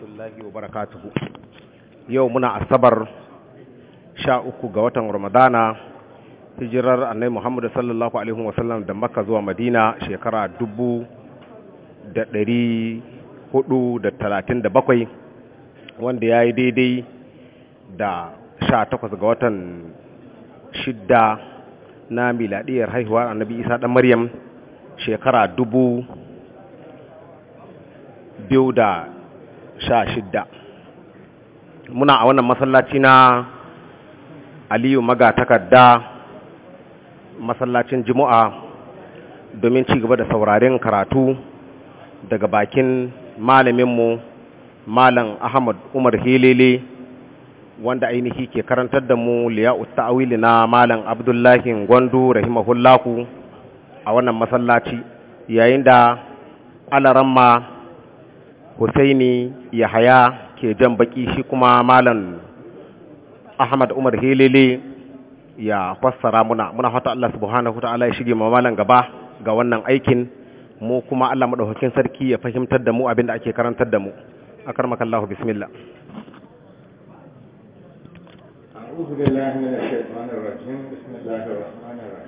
rahmatullahi wa barakatuhu yau muna asabar sha uku ga watan ramadana hijirar annai muhammadu sallallahu alaihi wasallam da makka zuwa madina shekara dubu da ɗari hudu da talatin da bakwai wanda ya yi daidai da sha takwas ga watan shidda na miladiyar haihuwar annabi isa dan maryam shekara dubu biyu da sha shidda muna a wannan masallaci na aliyu maga takarda masallacin jimu'a domin ci gaba da sauraren karatu daga bakin malaminmu malam ahmad umar helele wanda ainihi ke karantar da mu liya'u ta'awili na malam abdullahi gwandu rahimahullahu a wannan masallaci yayin da alaramma Hussaini. yahaya ke jan baki shi kuma malam ahmad umar helele ya fassara muna muna fata Allah subhanahu ta'ala ya shige malam gaba ga wannan aikin mu kuma Allah madaukakin sarki ya fahimtar da mu abin da ake karantar da mu akarmakallahu bismillah أعوذ بالله من الشيطان الرجيم بسم الله الرحمن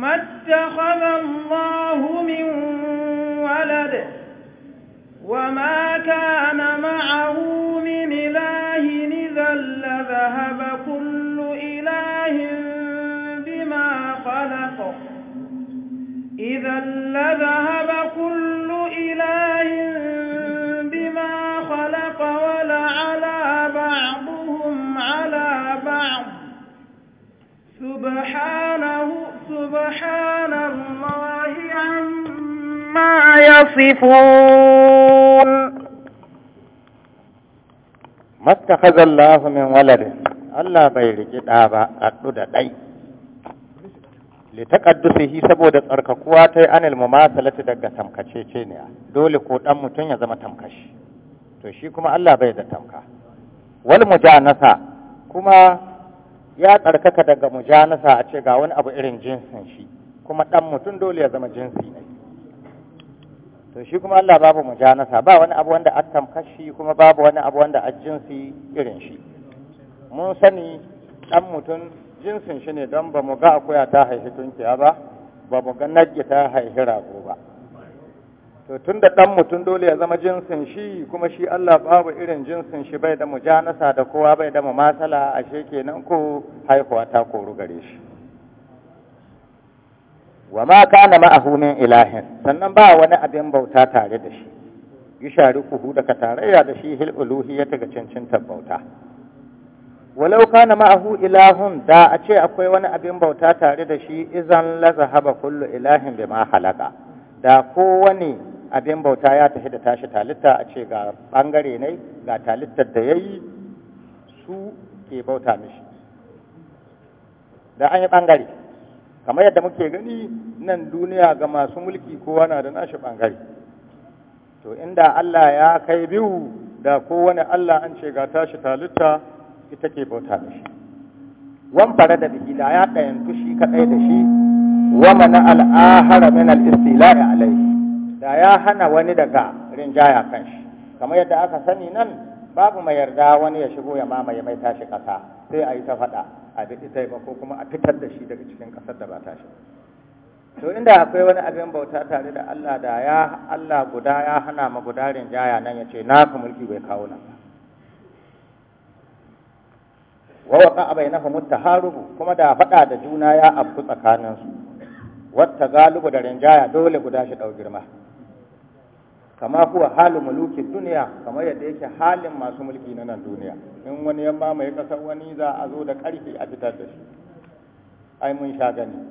ما اتخذ الله من ولد وما كان معه من إله إذا لذهب كل إله بما خلق إذا لذهب كل إله بما خلق ولعلى بعضهم على بعض سبحان يصفون ما اتخذ bai من ولد الله بيرجي دابا أدود داي litaqaddusihi saboda tsarkakuwa ta yi anil mumasalati daga tamkaceceniya dole ko dan mutum ya zama tamkashi to shi kuma Allah bai da tamka wal mujanasa kuma ya tsarkaka daga mujanasa a ce ga wani abu irin jinsin shi kuma dan mutum dole ya zama jinsi to shi kuma Allah babu mujanasa ba wani abu wanda attam kashi kuma babu wani abu wanda a irin shi mun sani dan mutum jinsin shi ne don ba mu ga akuya ta haifi tunkiya ba ba mu ga nagge ta haifi rago ba to tun da dan mutum dole ya zama jinsin shi kuma shi Allah babu irin jinsin shi bai da mujanasa da kowa bai da masala ashe kenan ko haihuwa ta koru gare shi wa ma kana ma'ahu min ilahin sannan ba wani abin bauta tare da shi yushariquhu da ka tarayya da shi hil uluhiyyati ga cancantar bauta walau kana ma'ahu ilahun da a ce akwai wani abin bauta tare da shi izan la zahaba kullu ilahin bima halaka da kowane abin bauta ya tafi da tashi talitta a ce ga bangare ne ga talittar da yayi su ke bauta mishi da an yi bangare kamar yadda muke gani nan duniya ga masu mulki kowa na da nashi bangare to inda Allah ya kai biyu da kowane Allah an ce ga tashi talitta ita ke bauta da shi wan fara da bihila ya ɗayantu shi kaɗai da shi wa mana al'ahara min istilahi alai da ya hana wani daga rinjaya kan shi kamar yadda aka sani nan babu mai yarda wani ya shigo ya mamaye mai tashi ƙasa sai ayi ta faɗa a ba ko kuma a fitar da shi daga cikin ƙasar da ba ta shi to inda akwai wani abin bauta tare da Allah da ya Allah guda ya hana ma jaya nan ya ce na ka mulki bai kawo nan ba wa waqa bainahum at-taharubu kuma da faɗa da juna ya afku tsakanin su wata galibu da rinjaya dole guda shi ɗau girma kama kuwa halin mulukin duniya kamar yadda yake halin masu mulki na nan duniya in wani yamma mai kasar wani za a zo da ƙarfi a fitar da shi ai mun sha gani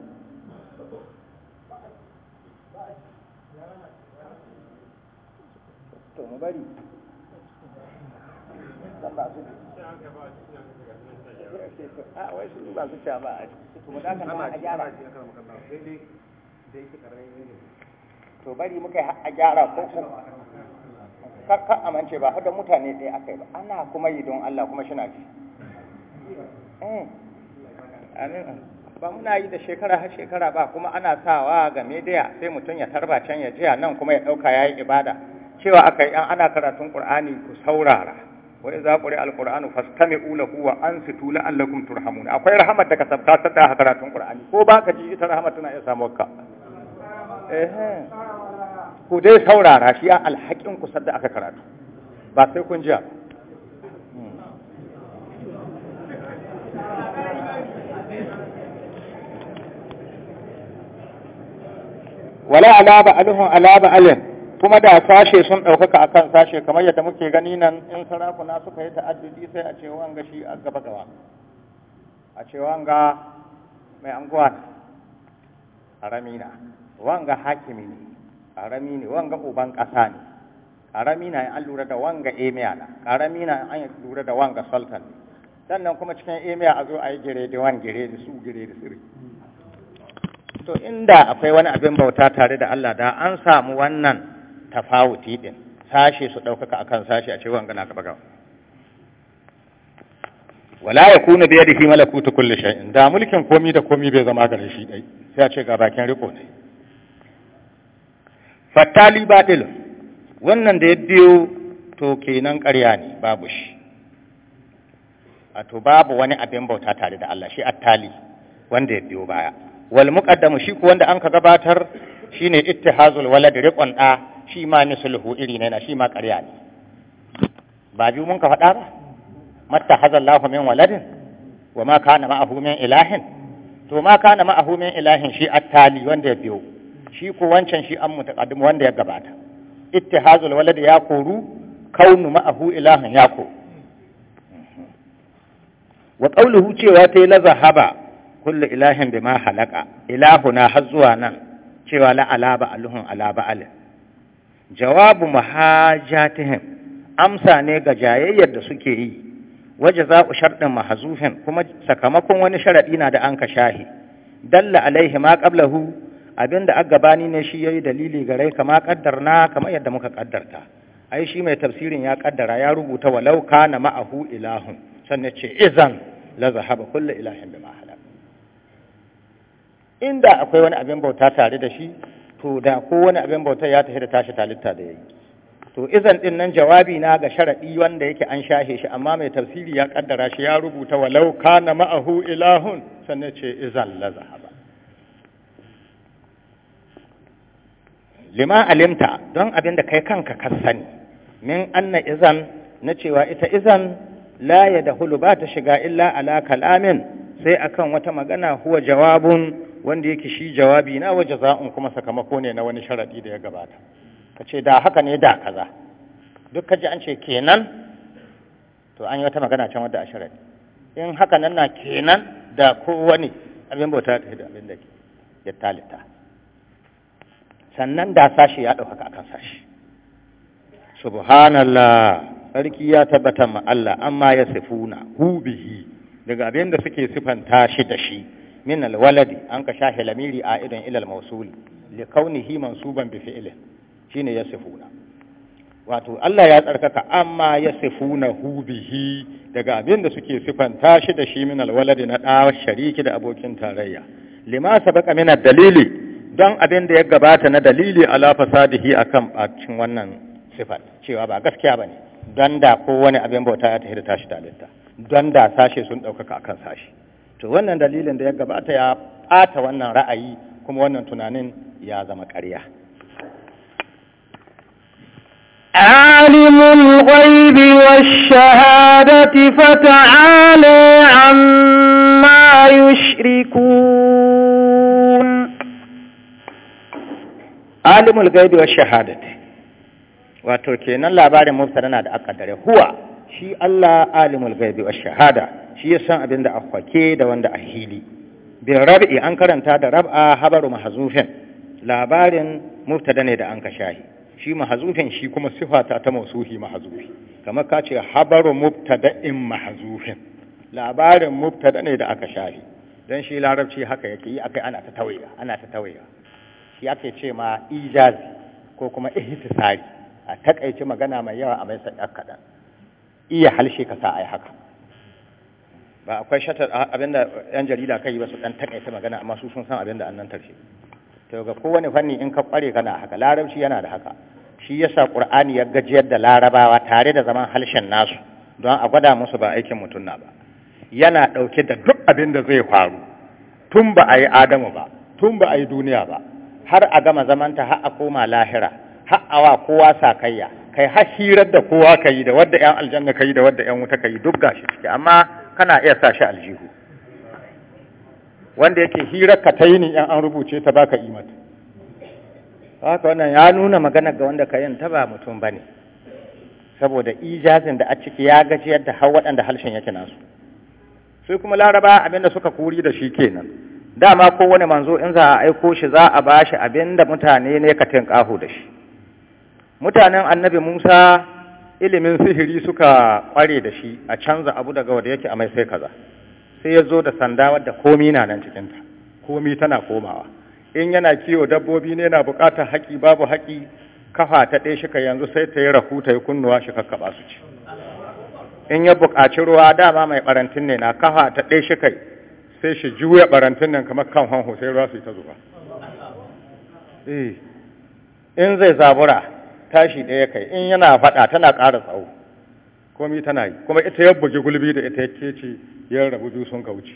to bari muka yi a gyara a gyara ko kuma kakka amince ba da mutane ɗaya yi ba ana kuma yi don Allah kuma shi na ji eh. amin ba muna yi da shekara har shekara ba kuma ana sawa ga media sai mutum ya tarba can ya jiya nan kuma ya ɗauka ya yi ibada cewa aka yi ana karatun ƙur'ani ku saurara wa za ku ri fastami'u lahu wa ansitu la'allakum turhamun akwai rahamar da ka sabta ta karatun qur'ani ko ba ka ji ita rahamar tana iya samuwar ka ku dai saurara shi a alhakin ku da aka karatu ba sai kun jiya wala alaba alhum alaba alin kuma da sashe sun ɗaukaka akan sashe kamar yadda muke gani nan in sarakuna suka yi ta'addudi sai a ce wanga shi a gaba gaba a ce wanga mai anguwa ramina wanga hakimi ne karami ne wanga uban ƙasa ne karami na an lura da wanga emiya na karami na an lura da wanga sultan ne sannan kuma cikin emiya a zo a yi gire da wan gire da su gire da siri to inda akwai wani abin bauta tare da Allah da an samu wannan tafawuti din sashe su ɗaukaka akan sashe a ce wanga na gaba gaba wala ya kuna da fi malakutu kulli shay'in da mulkin komi da komi bai zama gare shi dai sai a ce ga bakin riko ne fattali batil wannan da ya biyo to kenan ƙarya ne babu shi to babu wani abin bauta tare da Allah shi attali wanda ya biyo baya wal muqaddamu shi ku wanda an ka gabatar shine ittihazul walad riqon da shi ma misluhu iri ne na shi ma ƙarya ne ba biyu mun ka faɗa ba matta hazallahu min waladin wa ma kana ma'ahu min ilahin to ma kana ma'ahu min ilahin shi attali wanda ya biyo shi ko wancan shi an mutaqaddim wanda ya gabata ittihazul walad ya koru kaunu ma'ahu ilahan ya wa qawluhu cewa ta la zahaba kullu ilahin bima halaka ilahuna har zuwa nan cewa la alaba alhun alaba al jawabu mahajatihim amsa ne ga jayayyar da suke yi waje za ku sharɗin mahazufin kuma sakamakon wani sharaɗi na da an ka shahi dalla alaihi ma qablahu abin da agabani ne shi yayi dalili gare kama kaddarna kama yadda muka kaddarta ai shi mai tafsirin ya kaddara ya rubuta walau kana ma'ahu ilahun sannan ce izan la zahaba kullu ilahin bi halak inda akwai wani abin bauta tare da shi to da ko wani abin bauta ya tafi da tashi talitta da yayi to izan din nan jawabi na ga sharadi wanda yake an shahe shi amma mai tafsiri ya kaddara shi ya rubuta walau kana ma'ahu ilahun sannan ce izan la zahaba lima alimta don abin da kai kanka ka sani min anna izan na cewa ita izan la ya hulu ba ta shiga illa ala kalamin sai akan wata magana huwa jawabun wanda yake shi jawabi na waje za'un kuma sakamako ne na wani sharaɗi da ya gabata ka ce da haka ne da kaza duk ka ji an ce kenan to an yi wata magana can wadda a sharaɗi in haka nan na kenan da kowane abin bauta da abin da ke ya talita sannan da sashi ya ɗaukaka akan sashi subhanallah sarki ya tabbatar ma Allah amma ya sifuna na hubihi daga abin da suke sifanta shi da shi min alwaladi an ka shahi lamiri a idan ilal mausuli li kaunihi mansuban bi fi'lin shine ya sifuna wato Allah ya tsarkaka amma ya sifuna na hubihi daga abin da suke sifanta shi da shi min alwaladi na ɗawar shariki da abokin tarayya lima sabaka min dalili don abin da ya gabata na dalili ala a kan bakin wannan sifar cewa ba gaskiya ba ne don da ko wani abin bauta ya tafi da tashi dalinta don da sashe sun ɗaukaka akan sashe to wannan dalilin da ya gabata ya ɓata wannan ra'ayi kuma wannan tunanin ya zama ƙarya عالم الغيب والشهادة فتعالى عما يشركون alimul gaibi wa shahadati wato kenan labarin mubtada na da akadare huwa shi Allah alimul gaibi wa shahada shi ya san abin da akwake da wanda a hili bin rab'i an karanta da rab'a habaru mahzufin labarin mubtada ne da an ka shahi shi mahzufin shi kuma sifata ta mausuhi mahzufi kamar ka ce habaru in mahzufin labarin mubtada ne da aka shahi dan shi larabci haka yake yi akai ana ta tawaya ana ta tawaye shi ake ce ma ijazi ko kuma ihtisari a takaice magana mai yawa a mai ɗan kaɗan iya halshe ka sa a haka ba akwai shatar abinda yan jarida kai ba su dan takaice magana amma su sun san abinda annan tarshe to ga kowane fanni in ka kware kana haka larabci yana da haka shi yasa qur'ani ya gajiyar da larabawa tare da zaman halshen nasu don a gwada musu ba aikin mutum na ba yana ɗauke da duk abin da zai faru tun ba a yi adamu ba tun ba a yi duniya ba har a gama zamanta har a koma lahira har a wa kowa sakayya kai har hirar da kowa ka yi da wadda yan aljanna ka yi da wadda yan wuta ka yi duk gashi ciki amma kana iya sa shi aljihu wanda yake hirar ka ta yi ni yan an rubuce ta baka imata haka wannan ya nuna magana ga wanda ka yin ta ba mutum ba ne saboda ijazin da a ciki ya gaji yadda har waɗanda harshen yake nasu sai kuma laraba abinda suka kuri da shi kenan dama kowane manzo in za a aiko shi za a ba shi abinda mutane ne ka tinƙaho da shi mutanen annabi Musa ilimin sihiri suka kware da shi a canza abu daga wanda yake a mai sai kaza sai ya zo da sanda wadda komi na nan cikinta komi tana komawa in yana kiwo dabbobi ne yana bukatar haƙi babu haƙi kafa ta ɗaya ka yanzu sai ta yi rahu ta yi kunnuwa shi kakkaɓa su ci in ya buƙaci ruwa dama mai ɓarantin ne na kafa ta ɗaya kai. sai shi juya barantun nan kamar kan hanho sai ruwa su yi ta zuba eh, in zai zabura tashi ɗaya kai in yana faɗa tana ƙara tsawo komi tana yi kuma ita ya bugi gulbi da ita ya ce, ya rabu biyu sun kauce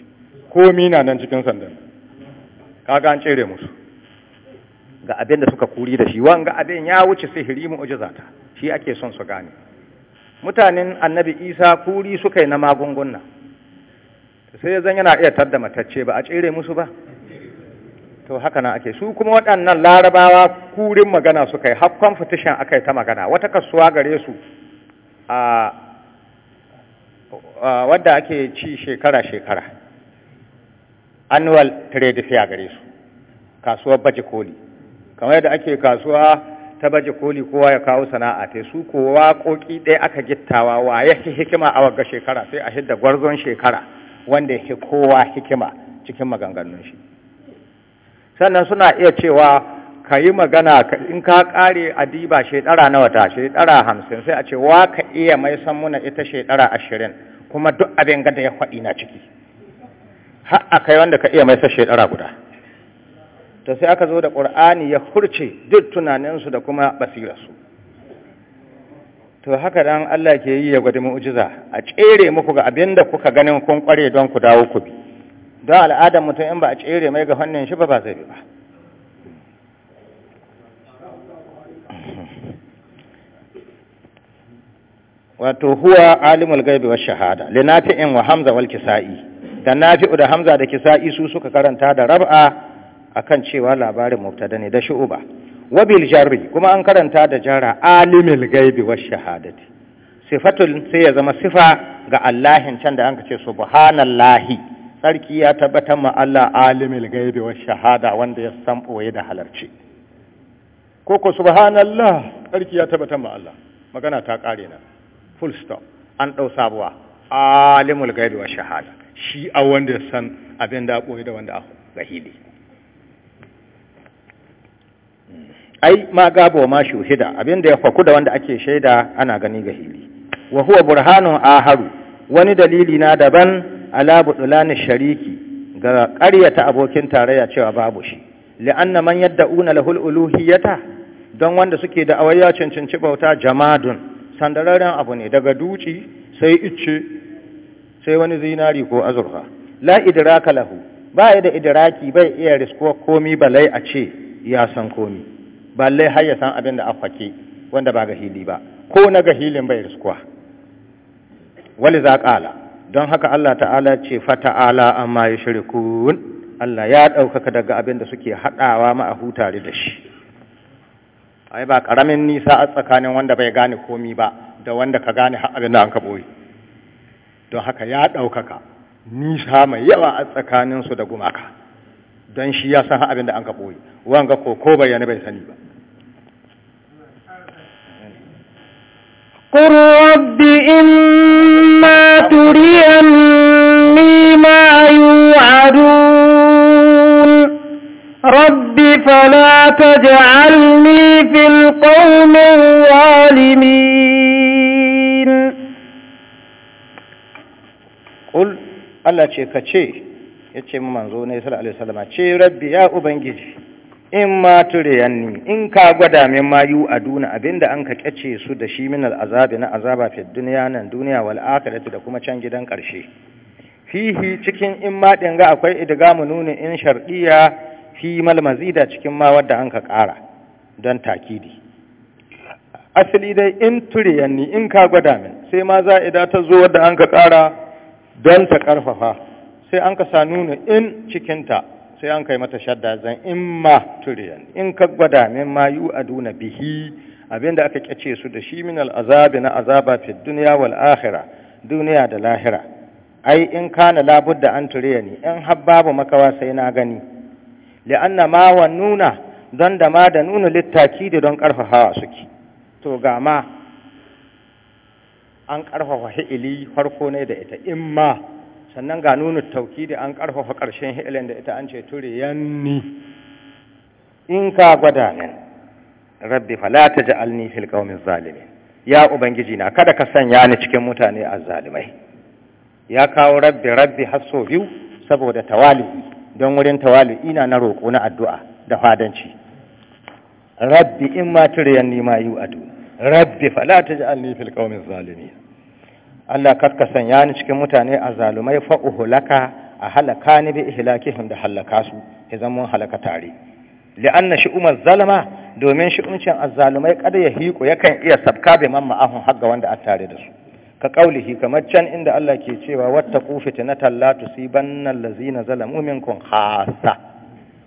komi na nan cikin sandan kaga an cire musu ga abin da suka kuri da shi wanga abin ya wuce sihiri uji ta shi ake son su gane mutanen annabi isa kuri suka yi na magungunan. sai zan yana iya tadda matacce ba a tsere musu ba to haka nan ake su kuma waɗannan larabawa kurin magana suka yi har competition aka yi ta magana wata kasuwa gare su a wadda ake ci shekara-shekara annual trade fair gare su kasuwar baje koli kamar yadda ake kasuwa ta baje koli kowa ya kawo sana'a ta su kowa koki ɗaya aka gittawa wa ya hikima a wagga shekara sai a hidda gwarzon shekara wanda yake kowa hikima cikin maganganun shi sannan suna iya cewa ka yi magana in ka kare adiba shekara nawa ta shekara hamsin sai a ce wa ka iya mai san muna ita shekara ashirin kuma duk abin gada ya faɗi na ciki har a kai wanda ka iya mai san shekara guda to sai aka zo da ƙur'ani ya hurce duk tunaninsu da kuma basirarsu to haka dan Allah ke yi ya gwada mu'jiza a tsere muku ga abinda kuka ganin kun kware don ku dawo ku bi don al'adan mutum in ba a tsere mai ga hannun shi ba ba zai bi ba wato huwa alimul gaibi wa shahada li nafi'in wa hamza wal kisa'i da nafi'u da hamza da kisa'i su suka karanta da rab'a akan cewa labarin mubtada ne da shu'uba wabil jarri kuma an karanta da jara alimil gaibi wa shahadati sifatun sai ya zama sifa ga Allahin can da an ce subhanallahi sarki ya tabbatar ma Allah alimil gaibi wa shahada wanda ya san boye da halarci ko ko subhanallah sarki ya tabbatar ma Allah magana ta kare na full stop an dau sabuwa alimul gaibi wa shahada shi a wanda ya san abin da boye da wanda a gahili ai ma gaba wa ma shuhida abinda ya faku da wanda ake shaida ana gani ga hili wa huwa burhanun aharu wani dalili na daban ala budulani shariki ga ta abokin tarayya cewa babu shi li'anna man yadda'una lahul uluhiyata don wanda suke da awayya cancanci bauta jamadun sandararren abu ne daga duci sai icce sai wani zinari ko azurfa la idraka lahu ba da idraki bai iya risko komi balai a ce ya san komi lai har ya san abin da afake wanda ba ga hili ba ko na ga hilin bai riskuwa wali za kala don haka Allah ta'ala ce fata'ala amma ya shirikun Allah ya ɗaukaka daga abin da suke haɗawa a hutare da shi ai ba ƙaramin nisa a tsakanin wanda bai gane komi ba da wanda ka gane abin da an ka boye don haka ya ɗaukaka nisa mai yawa a tsakanin su da gumaka don shi ya san abin da an kafo yi wani ga koko bayani bai sani ba ƙuru wabbi in ma turiyan nima yi wadu rabbi falata ji alni fil ƙaunin walimi Allah ce ka ce, ya ce mu manzo ne sallallahu alaihi wasallam ce rabbi ya ubangiji in ma ture yanni in ka gwada min ma yu aduna abinda an ka kace su da shi min azabi na azaba fi duniya nan duniya wal akhirati da kuma can gidan karshe fihi cikin in ma din ga akwai idgamu nuni in shar'iyya fi mal mazida cikin ma wanda an ka kara don takidi asali dai in ture yanni in ka gwada min sai ma za'ida ta zo wanda an ka kara don ta karfafa sai an ka sa nuna in cikinta sai an kai mata shadda zan in ma turiyan in ka gwada min ma yu aduna bihi abinda aka kyace su da shi min al'azabi na azaba fi duniya wal akhira duniya da lahira ai in kana da an turiyani in har makawa sai na gani anna ma wa nuna don da ma da nuna littaki da don karfafawa suke to ga ma an karfafa hi'ili farko ne da ita in sannan ga nuna tauki da an ƙarfafa ƙarshen hi'ilin da ita an ce ture yanni in ka gwada min rabbi fala ta ja'alni fil qaumiz zalimin ya ubangiji na kada ka sanya ni cikin mutane azzalimai ya kawo rabbi rabbi hasso biyu saboda tawali'i don wurin tawali'i na na roƙo na addu'a da fadanci rabbi in ma ture yanni ma yu rabbi fala ta ja'alni fil qaumiz zalimin Allah kaska sanya ni cikin mutane a zalumai fa'uhulaka a halaka ni bi ihlakihim da halaka su ya zama halaka tare li'anna shi'umar zalama domin shi'uncin zalumai kada ya hiku yakan iya sabka bi man ma'ahun hagga wanda a tare da su ka kaulihi kamar can inda Allah ke cewa wattaqu fitnatan la tusibanna allazina zalamu minkum khassa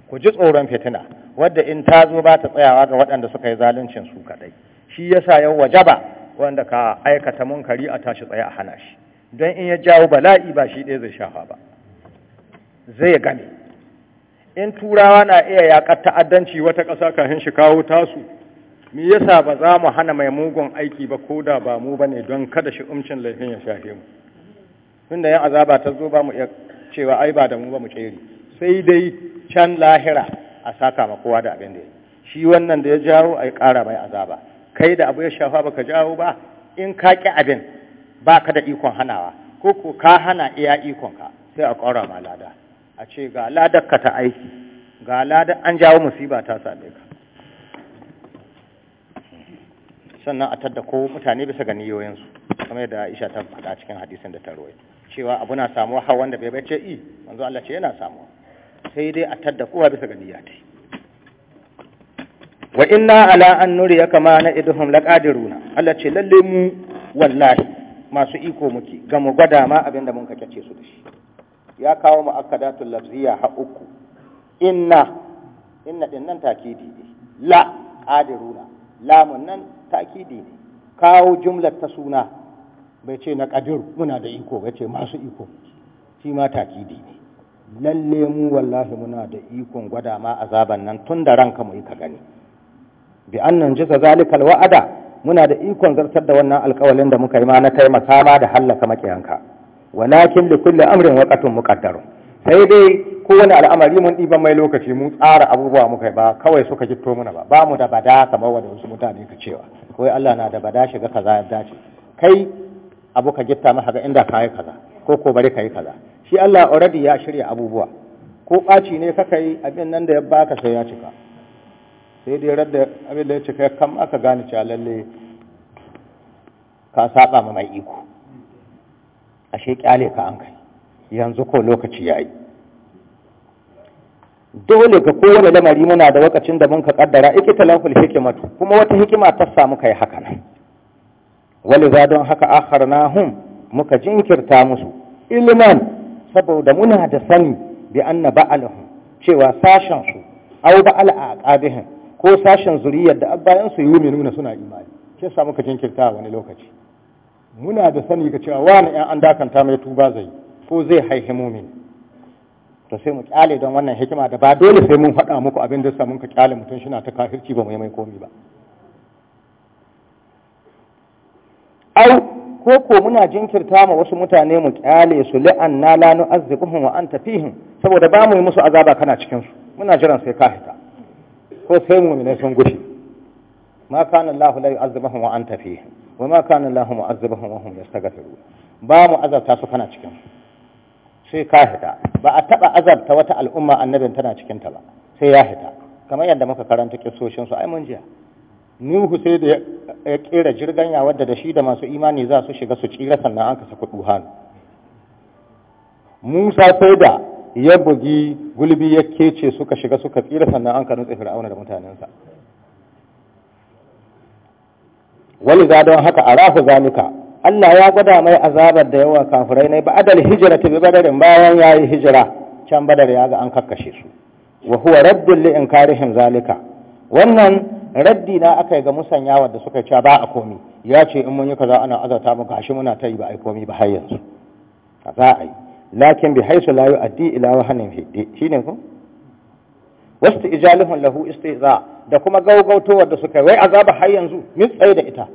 ku ji tsoron fitina wadda in ta zo ba ta tsayawa ga waɗanda suka yi zaluncin su kadai shi yasa yau wajaba wanda ka aikata munkari a tashi tsaye a hana shi don in ya jawo bala'i ba shi ɗaya zai shafa ba zai gane in turawa na iya yaƙar ta'addanci wata ƙasa kafin shi kawo tasu me yasa ba za mu hana mai mugun aiki ba ko da ba mu bane don kada shi umcin laifin ya shafe mu tunda yan azaba ta zo ba mu iya cewa ai ba da mu ba mu tsere sai dai can lahira a saka ma kowa da abin da ya shi wannan da ya jawo ai ƙara mai azaba kai da abu ya shafa baka jawo ba in ka ƙi abin ba ka da ikon hanawa ko ko ka hana iya ikon ka sai a ƙaura ma lada a ce ga ladar ka ta aiki ga lada, an jawo musiba ta same ka sannan a tadda ko mutane bisa ga niyoyinsu kamar yadda Aisha ta faɗa cikin hadisin da ta rawaita cewa abu na samuwa har wanda bai bace i manzo Allah ce yana samuwa sai dai a tadda kowa bisa ga niyya ta wa inna ala an ya kama na idhum laƙadiruna Allah ce lalle mu wallahi masu iko muke ga mu gwada ma abin da mun kake su da shi ya kawo mu akadatul lafziya ha uku inna inna din nan takidi ne la qadiruna mun nan takidi ne kawo jumlar ta suna bai ce na qadiru muna da iko bai ce masu iko shi ma takidi ne lalle mu wallahi muna da ikon gwada ma azaban nan tun da ranka mu yi ka gani bi annan jiza zalikal wa'ada muna da ikon zartar da wannan alƙawalin da muka yi ma na taimaka ma da hallaka makiyanka walakin li kulli amrin waqatun muqaddar sai dai kowane al'amari mun diban mai lokaci mun tsara abubuwa muka yi ba kawai suka jitto muna ba ba mu da bada kamar wanda wasu mutane ka cewa kawai Allah na da bada shiga kaza ya dace kai abu ka gitta maka ga inda kai kaza ko ko bari kai kaza shi Allah already ya shirya abubuwa ko baci ne kaka yi abin nan da ya baka sai ya cika sai dai rada abin da ya cika kam aka gane cewa lalle ka saba ma mai iko ashe kyale ka an kai yanzu ko lokaci yayi dole ga kowane lamari muna da lokacin da mun ka kaddara talaful hikimatu kuma wata hikima ta samu kai haka nan wani za don haka akharnahum muka jinkirta musu ilman saboda muna da sani bi anna ba'alahum cewa sashen su au ba'al akabihin. ko sashen zuriyar da bayan su yi nuna suna imani ke samu ka jinkirta wani lokaci muna da sani ga cewa wani yan an dakanta mai tuba zai ko zai haihi mumin to sai mu kyale don wannan hikima da ba dole sai mun haɗa muku abin da samun ka kyale mutum shi na ta kafirci ba mu mai komi ba au ko ko muna jinkirta ma wasu mutane mu kyale su li'an na la nu'azzibuhum wa anta fihim saboda ba mu yi musu azaba kana cikin su muna jiran sai ka hita ko sai ne sun gushi ma kana Allahu la yu'azzibuhum wa anta fihi wa ma kana Allahu mu'azzibuhum wa hum yastaghfirun ba mu azabta su kana cikin sai ka hita ba a taba azabta wata al'umma annabin tana cikin ta ba sai ya hita kamar yadda muka karanta kisoshin su ai mun jiya Nuhu sai da ya kera jirganya wadda da shi da masu imani za su shiga su tsira sannan an kasa kudu hannu Musa sai da ya bugi gulbi ya kece suka shiga suka tsira sannan an kanu tsifir auna da mutanensa wani za don haka a Rahu zanuka Allah ya gwada mai azabar da yawan kafirai na ba'adar hijira ta bi badarin bayan ya yi hijira can badar ya ga an kakkashe su wa huwa raddun li inkarihim zalika wannan raddi na aka yi ga musanyawar da suka ce ba a komi ya ce in mun yi kaza ana azata mu gashi muna ta yi ba a komi ba har yanzu za a yi lakin bi haisu la addi ila wahanin hiddi shine ko wasu ijalihun lahu istihza da kuma gaugautowar da suka wai azaba har yanzu min tsaye da ita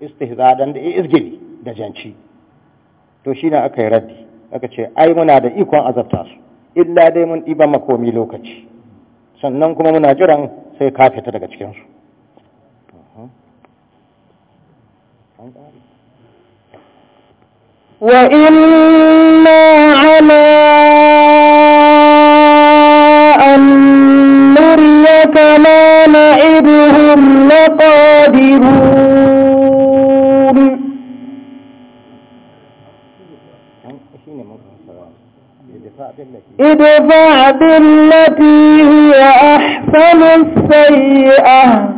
istihza dan da izgili da janci to shine aka yi raddi aka ce ai muna da ikon azabta su illa dai mun ɗiban makomi lokaci sannan kuma muna jiran sai ka fita daga cikinsu وإنا على أن نريك ما نعدهم لقادرون ادفع بالتي هي أحسن السيئة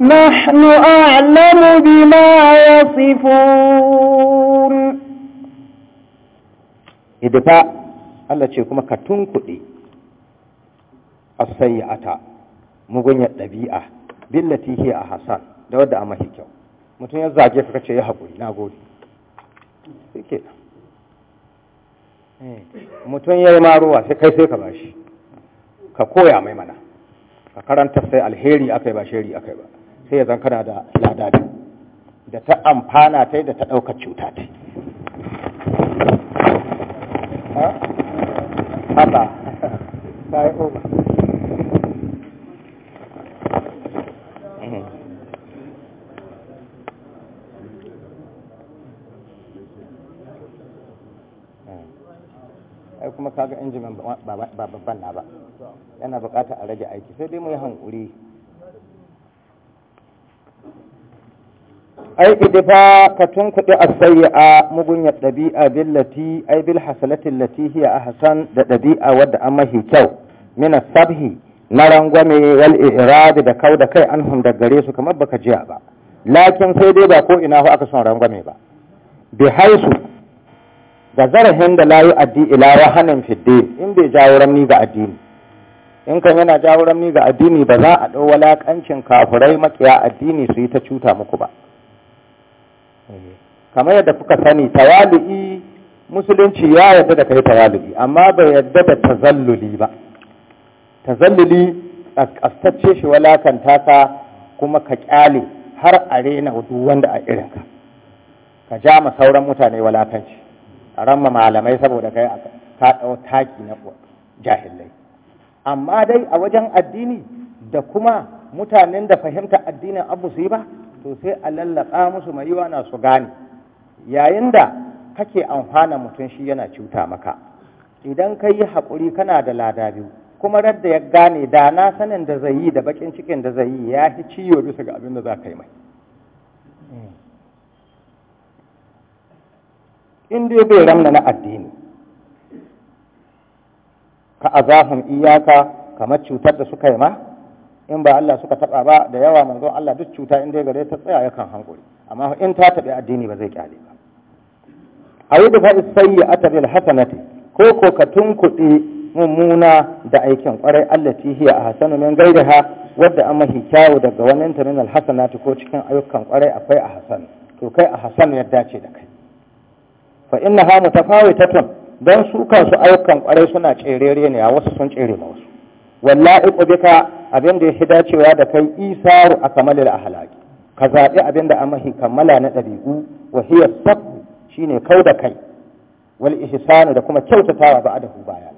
نحن أعلم بما يصفون idfa Allah ce kuma ka tunkuɗe as ata mugunyar ɗabi'a billati a hasan da wadda a mafi kyau mutum ya zage ka ce ya haƙuri na gode suke eh, mutum ya yi maruwa sai kai sai ka bashi ka koya mai mana ka karanta sai alheri yi ba sheri yi ba sai ya zan kana da ladadi da ta amfana ta yi da ta ɗaukar cuta ta haba bayan over ai kuma kaga injimin ba babban na ba yana bukatar a rage aiki sai dai mu yi hankuri ai idifa ka tunkuɗi a mugunyar ɗabi'a billati ai bil hasalatin lati hiya ahsan da ɗabi'a wadda an mahi kyau min sabhi na rangwame wal i'rad da kau da kai anhum da gare su kamar baka jiya ba lakin sai dai ba ko ina aka son rangwame ba bi haisu da da layu addi ila wahanan fidde in bai jawo ramni ga addini in kan yana jawo ramni ga addini ba za a ɗau walakancin kafurai makiya addini su yi ta cuta muku ba kamar yadda kuka sani tawali'i musulunci ya yarda da kai tawali'i amma bai yadda da tazalluli ba tazalluli a kastacce shi walakanta ka kuma ka kyale har a rena duk wanda a irinka ka ja ma sauran mutane walakanci a ramma malamai saboda kai ka ɗau taki na jahilai amma dai a wajen addini da kuma mutanen da fahimta addinin abu su yi ba to sai a lallaka musu mai yiwa na su gane yayin da kake amfana mutum shi yana cuta maka idan ka yi haƙuri kana da lada biyu kuma radda ya gane da na sanin da zai yi da bakin cikin da zai yi ya fi ciwo bisa ga abin da za ka yi mai in dai bai ramna na addini ka azahun iyaka kamar cutar da suka yi ma in ba Allah suka taba ba da yawa manzon Allah duk cuta in dai gare ta tsaya yakan hankuri amma in ta tabi addini ba zai kyale ba A yi da fa'i a bil alhasanati ko ko ka tunkuɗe mummuna da aikin kwarai allati hiya ahsanu min ha wadda amma mahi kyawu daga wannan ta min al ko cikin ayyukan kwarai akwai ahsan to kai a ahsan ya dace da kai fa innaha mutafawitatun dan su kansu ayyukan kwarai suna tserere ne a wasu sun tsere ma wasu wallahi qubika abin da ya shi dacewa da kai isaru a kamalil ahlaki ka zaɓi abin da amma kammala na ɗabi'u wa hiya sabu shine kau da kai wal ihsanu da kuma kyautatawa ba adahu baya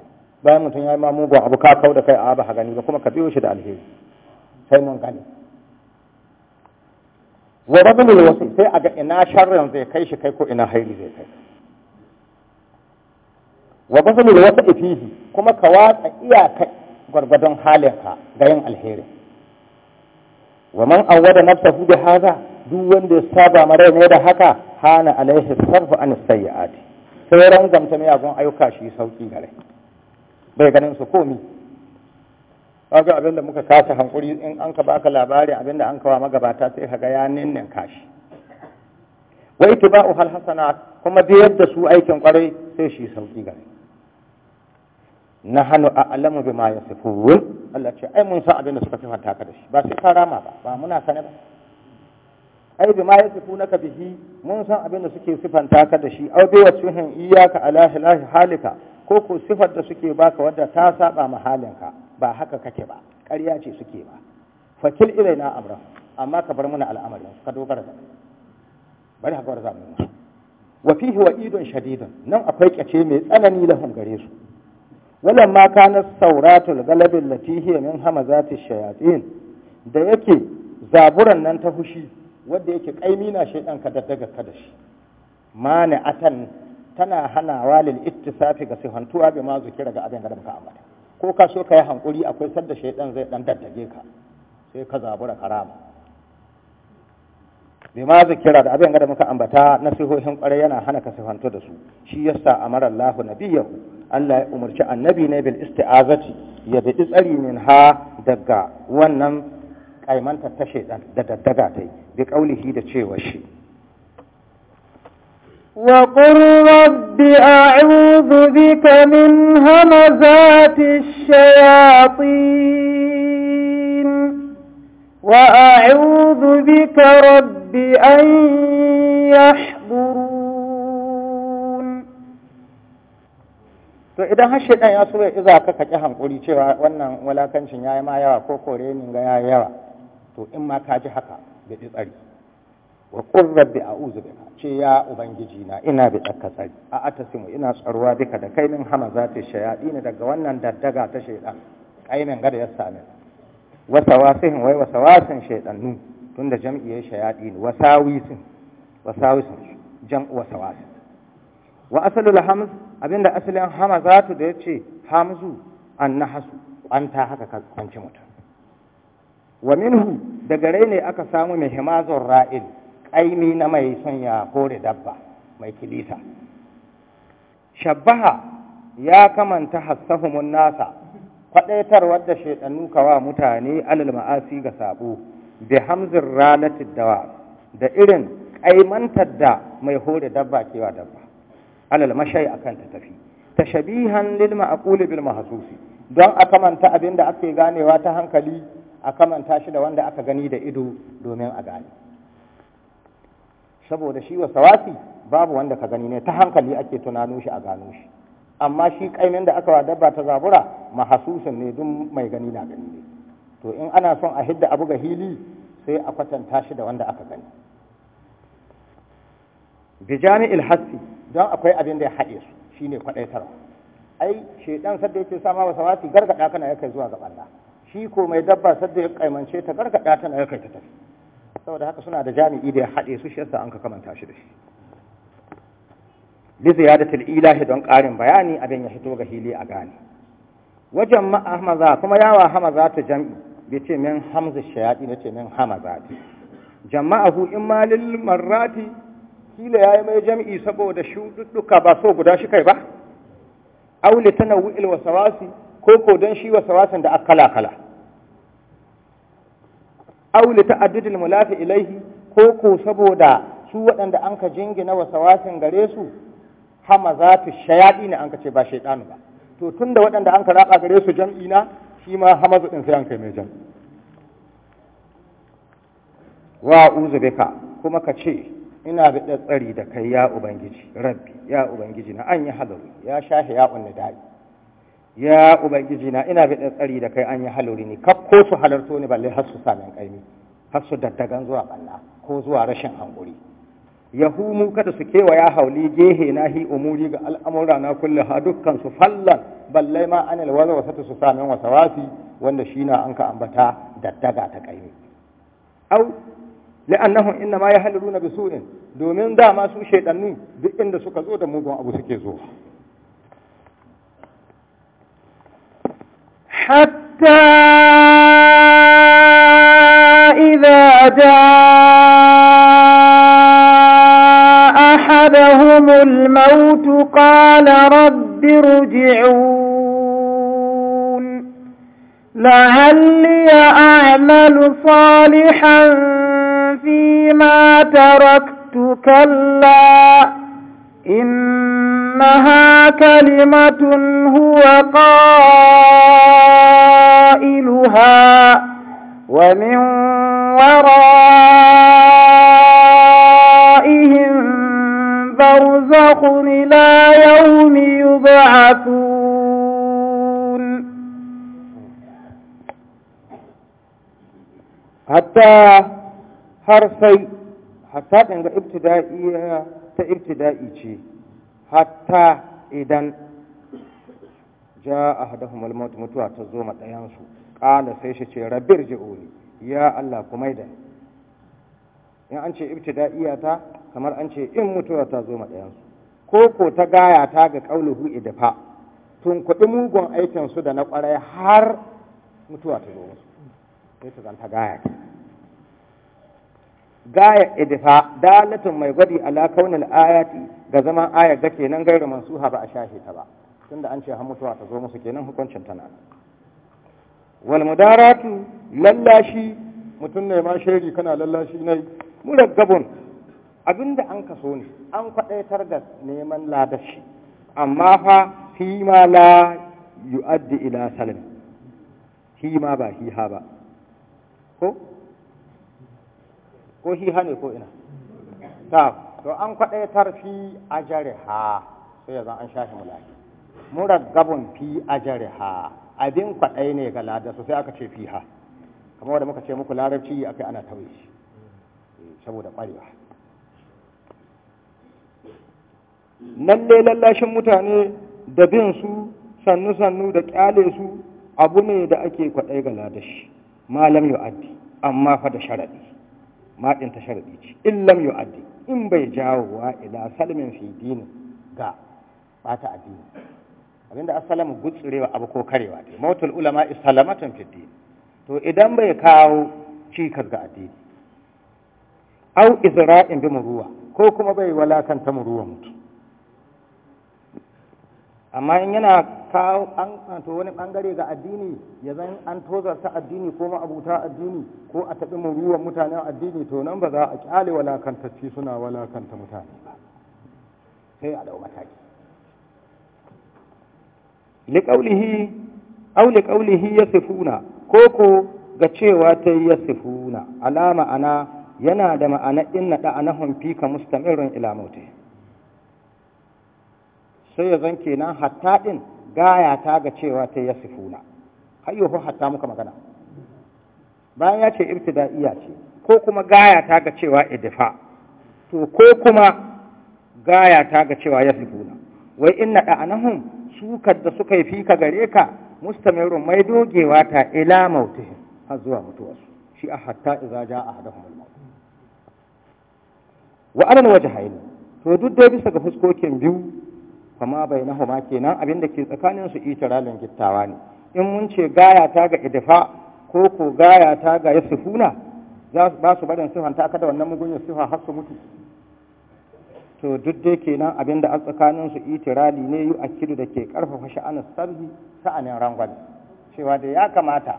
bayan mutum ya yi ma mugun abu ka kau da kai a ba gani ba kuma ka biyo shi da alheri sai mun gani wa rabul wasi sai a ga ina sharrin zai kai shi kai ko ina hairi zai kai wa bazlul wasi fihi kuma ka watsa iyakai gwargwadon halinka ga yin alheri wa man awwada nafsahu bi hadha duk wanda ya saba ma rai ne da haka hana alaihi sarfu an sayyiati sai ran gamta mai agon ayyuka shi sauki gare bai ganin su komi kaga abinda muka kasa hankuri in an ka baka labari abinda an kawa magabata sai kaga ya ninnin kashi wa ba'u hal hasanat kuma biyar da su aikin kwarai sai shi sauki gare na nahanu a'lamu bima yasifun Allah ce ai mun san abin da suka sifanta ka da shi ba sai karama ba ba muna sane ba ai bima yasifuna ka bihi mun san abin da suke sifanta ka da shi au bi wasuhin iyyaka ala hilahi halika ko ko sifar da suke baka wadda ta saba ma halinka ba haka kake ba ƙarya ce suke ba fakil ilaina amra amma ka bar muna al'amarin ka dogara da bari haka warza mu wa fihi wa idun shadidun nan akwai kace mai tsanani lahum gare su walamma kanat sauratul galabin latihi min hamazati shayatin da yake zaburan nan ta hushi wanda yake kaimi na shaydan ka daddaga ka da shi mani atan tana hana walil ittisafi ga sihantuwa bi mazu kira ga abin da muka ambata ko ka so ka yi hankuri akwai sadda shaydan zai dan daddage ka sai ka zabura karama bai mazu kira da abin da muka ambata nasihohin kwarai yana hana ka sihantu da su shi yasa amara Allahu nabiyahu Allah ya umarci annabi ne bil isti'azati ya bi tsari min ha daga wannan kaimanta ta shaidan da daddaga ta yi bi kaulihi da cewa shi وقل رب أعوذ بك من همزات الشياطين وأعوذ بك رب أن يحضرون to idan har shaidan ya so ya iza ka kaki hankuri cewa wannan walakancin yayi ma yawa ko kore ni ga yayi yawa to in ma ka ji haka da tsari wa qur rabbi a'udhu bika ce ya ubangiji na ina bi tsaka tsari a atasimu ina tsaruwa bika da kai min hamazati ne daga wannan daddaga ta shaidan kainin gada ya wasa wasawasin wai wasin shaidannu tunda jam'iyyar shayatin wasawisin jam'i jam'u wasin wa asalul hamz abinda asalin ta da ya ce hamzu an na an ta haka ka kwanci mutum wa minhu da gare ne aka samu mai himazon ra'il ƙaimi na mai son ya kore dabba mai kilisa shabbaha ya kamanta hassahumun nasa kwaɗaitar wadda shaiɗannu kawa mutane alal ma'asi ga sabo bi hamzin ranar da irin ƙaimantar da mai hore dabba kewa dabba alal mashai akan ta tafi tashabihan lil ma'qul bil mahsus don a kamanta abin da ake ganewa ta hankali a manta shi da wanda aka gani da ido domin a gane saboda shi wa sawasi babu wanda ka gani ne ta hankali ake tunano shi a gano shi amma shi kaimin da aka wa dabba ta zabura mahasusin ne duk mai gani na gani ne to in ana son a hidda abu ga hili sai a kwatanta shi da wanda aka gani bijami'il hassi don akwai abin da ya haɗe su shine kwadaitarwa ai shaidan sadda yake sama wa sawati gargaɗa kana ya kai zuwa ga Allah shi ko mai dabba sadda ya kaimance ta gargaɗa tana kai ta tafi saboda haka suna da jami'i da ya haɗe su shi yasa an ka kamanta shi da shi ya ziyadatul ilahi don ƙarin bayani abin ya fito ga hili a gane wajen ma kuma yawa hamaza ta jam'i bai ce min hamza shayadi na ce min hamaza jama'a hu in ma lil marrati kila ya yi mai jam'i saboda shuɗuɗɗuka ba so guda shi kai ba aule tana wu'il wasawasi ko ko don shi wasawasan da akala kala aule ta'addudul mulafi ilaihi ko ko saboda su waɗanda an ka jingina wasawasin gare su hama za ta shayaɗi ne an ka ce ba shaiɗanu ba to tun da waɗanda an ka raɓa gare su jam'i na shi ma hama ɗin sai an kai mai jam'i wa uzubika kuma ka ce ina da tsari da kai ya ubangiji rabbi ya ubangiji na an yi ya shahe ya unni da'i ya ubangiji na ina da tsari da kai an yi ni, ne kakko su halarto ni balle har su samin kaimi har daddagan zuwa balla ko zuwa rashin hankuri yahumu kada su kewa ya hauli gehe na hi umuri ga al'amura na kulle ha dukkan su fallan balle ma anil wala wasata su samin wasawasi wanda shi na an ka ambata daddaga ta kaimi au لأنه إنما يهللون بسوء دومين دا ما سوء شيء نو دي إن دا سوء كزو دا موغو أبو سكي زو حتى إذا جاء أحدهم الموت قال رب ارجعون لعلي أعمل صالحاً فيما تركت كلا إنها كلمة هو قائلها ومن ورائهم برزخ إلى يوم يبعثون حتى har sai hatta ɗin ga ibtida'iya ta ibtida'i ce hatta idan ja a hadafin malmatu mutuwa ta zo ɗayansu ƙala sai shi ce rabir ji'uni ya Allah kuma da in an ce ibtida'iya ta kamar an ce in mutuwa ta zo su ko ko ta gaya ta ga ƙauluhu idafa tun kuɗi mugun aikinsu da na ƙwarai har mutuwa ta zo musu sai ta zanta gaya ta gaya idfa dalatun mai gwadi ala kaunil ayati ga zama aya ga kenan gairu mansuha ba a shahe ta ba tunda an ce har mutuwa ta zo musu kenan hukuncin ta tana wal mudaratu lallashi mutum ne ma shiri kana lallashi ne muragabun abinda an kaso ne an kwadaitar da neman ladashi amma fa fi ma la yu'addi ila salim fi ma ba hi ha ba ko ko shi ne ko ina ta to an kwaɗe tarfi a jari ha sai yanzu an shafi mulaki mura gabon fi a jari ha abin kwaɗai ne ga lada sai aka ce fi ha kamar da muka ce muku larabci kai ana tauye shi eh, saboda ƙwarewa nan ne lallashin mutane da bin su sannu-sannu da ƙyale su abu ne da ake kwaɗe ga ladashi malam yu'addi amma fa da sharaɗi maɗin ta sharaɗi ce in lam yu'addi in bai jawo wa ila salmin fi dini ga bata addini abinda assalamu gutsurewa abu ko karewa dai mautul ulama isalamatan fi dini to idan bai kawo cikas ga addini au izra'in bi mu ruwa ko kuma bai walakanta muruwa mutum amma in yana kawo an to wani bangare ga addini ya zan an tozarta addini ko ma'abuta addini ko a taɓi ruwan mutanen addini to nan ba za a kyale walakantacci suna walakanta mutane sai a dau mataki liƙaulihi au liƙaulihi ya sifuna ko ko ga cewa ta ya sifuna alama ana yana da ma'ana inna da'anahum fika mustamirin ila mautih sai ya zan kenan hatta ɗin gaya ta ga cewa ta ya sifuna hayyahu hatta muka magana bayan ya ce ibtida'iya ce ko kuma gaya ta ga cewa idifa to ko kuma gaya ta ga cewa ya sifuna wai inna da'anahum sukar da suka yi fika gare ka mustamirun mai dogewa ta ila mautuhin har zuwa mutuwarsu shi a hatta idza jaa a al wa waje to duk dai bisa ga fuskokin biyu kama bai na hama kenan abin da ke tsakanin su ita ralin gittawa ne in mun ce gaya ta ga idifa ko ko gaya ta ga yasufuna za su ba su barin sifanta aka da wannan mugun sifa har su mutu to duk dai kenan abin da a tsakanin su itirali ne yu akidu da ke karfafa sha'anin sarhi sa'anin rangwal cewa da ya kamata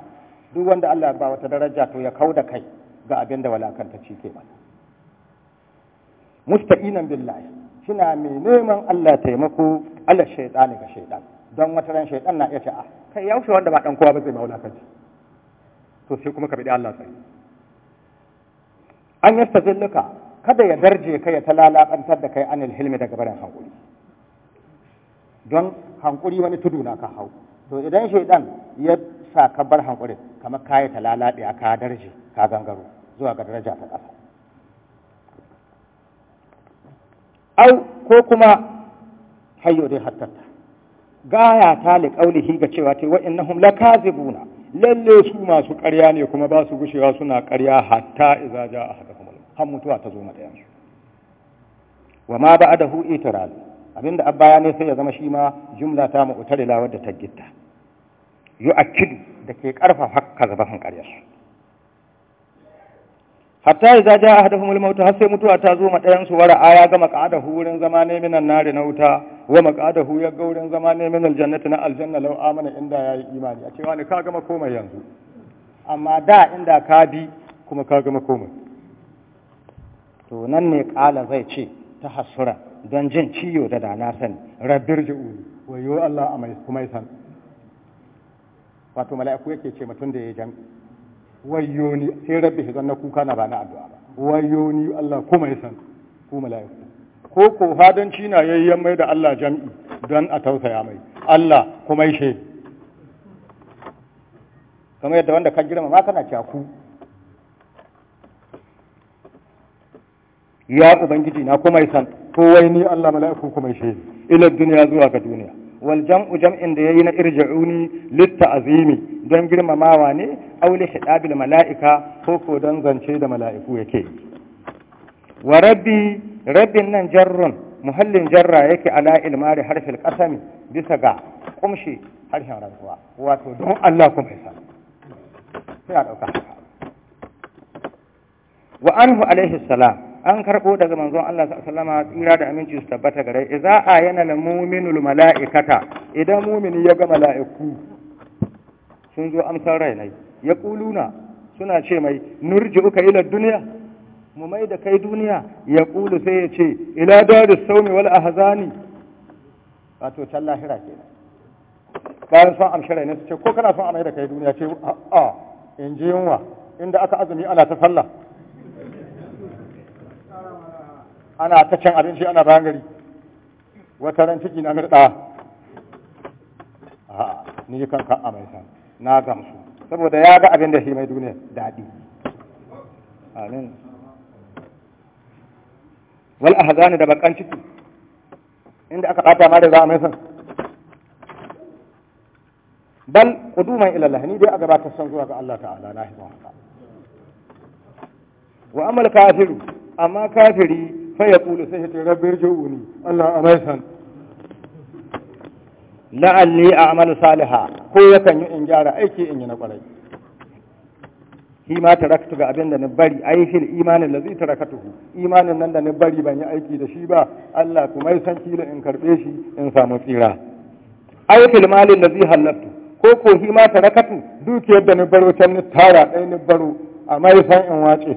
duk wanda Allah ba wata daraja to ya kauda kai ga abin da walakanta ke mata mustaqinan billahi kina mai neman Allah taimako Allah shaidani ga shaitan don wata ran shaitan na iya ce a ah, kai yaushe wanda ba dan kowa ba zai ba to sai kuma ka bi Allah sai an yastazilluka kada ya darje kai ya talalabantar da kai anil hilmi daga barin hankuri don hankuri wani tudu na ka hau to idan shaiɗan ya sa ka bar hankuri kamar kayi talalabe a ka darje ka gangaro zuwa ga daraja ta kasa. au ko kuma hayyo dai hattata gaya ta li qaulihi ga cewa tai wa innahum lakazibuna lalle su masu ƙarya ne kuma ba su gushewa suna ƙarya hatta a haka kuma har mutuwa ta zo mata yanzu wa ma ta itral abinda abba ne sai ya zama shi ma jumla ta mu'tarila wadda ta gitta yu'akkidu da ke karfafa kazabahan ƙarya hatta idza jaa ahaduhumul maut har sai mutuwa ta zo ma ɗayan su wara aya ga maqadahu wurin zama ne minan nari na wuta wa maqadahu ya ga wurin zama ne minal jannati na aljanna law amana inda yayi imani a cewa ne ka gama komai yanzu amma da inda ka bi kuma ka gama komai to nan ne kala zai ce ta hasura don jin ciyo da da na sani rabbir ji'uni wayo Allah a mai kuma san wato mala'iku yake ce mutun da ya jami'a wayoni sai rabbi shi zanna kuka na na addu'a ba wayo Allah kuma ya san ku mala'iku ko ko fadan na yayyan mai da Allah jam'i don a tausaya mai Allah kuma ya shi kamar yadda wanda ka girma ma kana caku ya ubangiji na kuma mai san ko ni Allah mala'iku kuma ya shi ila duniya zuwa ga duniya wal jam'u jam'in da yayi na irji'uni lit ta'zimi don girmamawa ne aule hidabil mala'ika ko ko don zance da mala'iku yake wa rabbi rabbin nan jarrun muhallin jarra yake ala ilmari harfil qasami bisa ga kumshi harshen rantsuwa wato don Allah kuma isa sai a dauka wa anhu alaihi salam an karbo daga manzon Allah sallama tsira da aminci su tabbata gare idza ayana lil mu'minul mala'ikata idan mu'mini ya ga mala'iku sun zo amsar rai ya ƙuluna suna ce mai nurji uka ila duniya mu mai da kai duniya ya ƙulu sai ya ce ila daris saumi wal ahzani wato can lahira ke bayan son amshira ne su ce ko kana son amai da kai duniya ce a in ji yunwa inda aka azumi ana ta sallah ana ta can abinci ana bayan wata ran ciki na mirɗa a ni kan ka amai san na gamsu saboda ya ga abin da shi mai duniya daɗi amin wal ahzani da bakan ciki inda aka bata ma da za a mai san bal quduman ila Allah ni dai a gabatar san zuwa ga Allah ta'ala na hima haka wa amal kafiru amma kafiri fa yaqulu sai ya rabbir irji'uni Allah amai san la'alli a'malu saliha ko yakan yi in gyara aiki in yi na kwarai shi ma taraktu ga abin da bari ai fil imanin da zai tarakatuhu imanin nan da ni bari ban yi aiki da shi ba Allah kuma ya san kila in karbe shi in samu tsira ai fil malin da zai halattu ko ko shi ma tarakatu dukiyar da ni baro can ni tara dai ni baro amma ya san in wace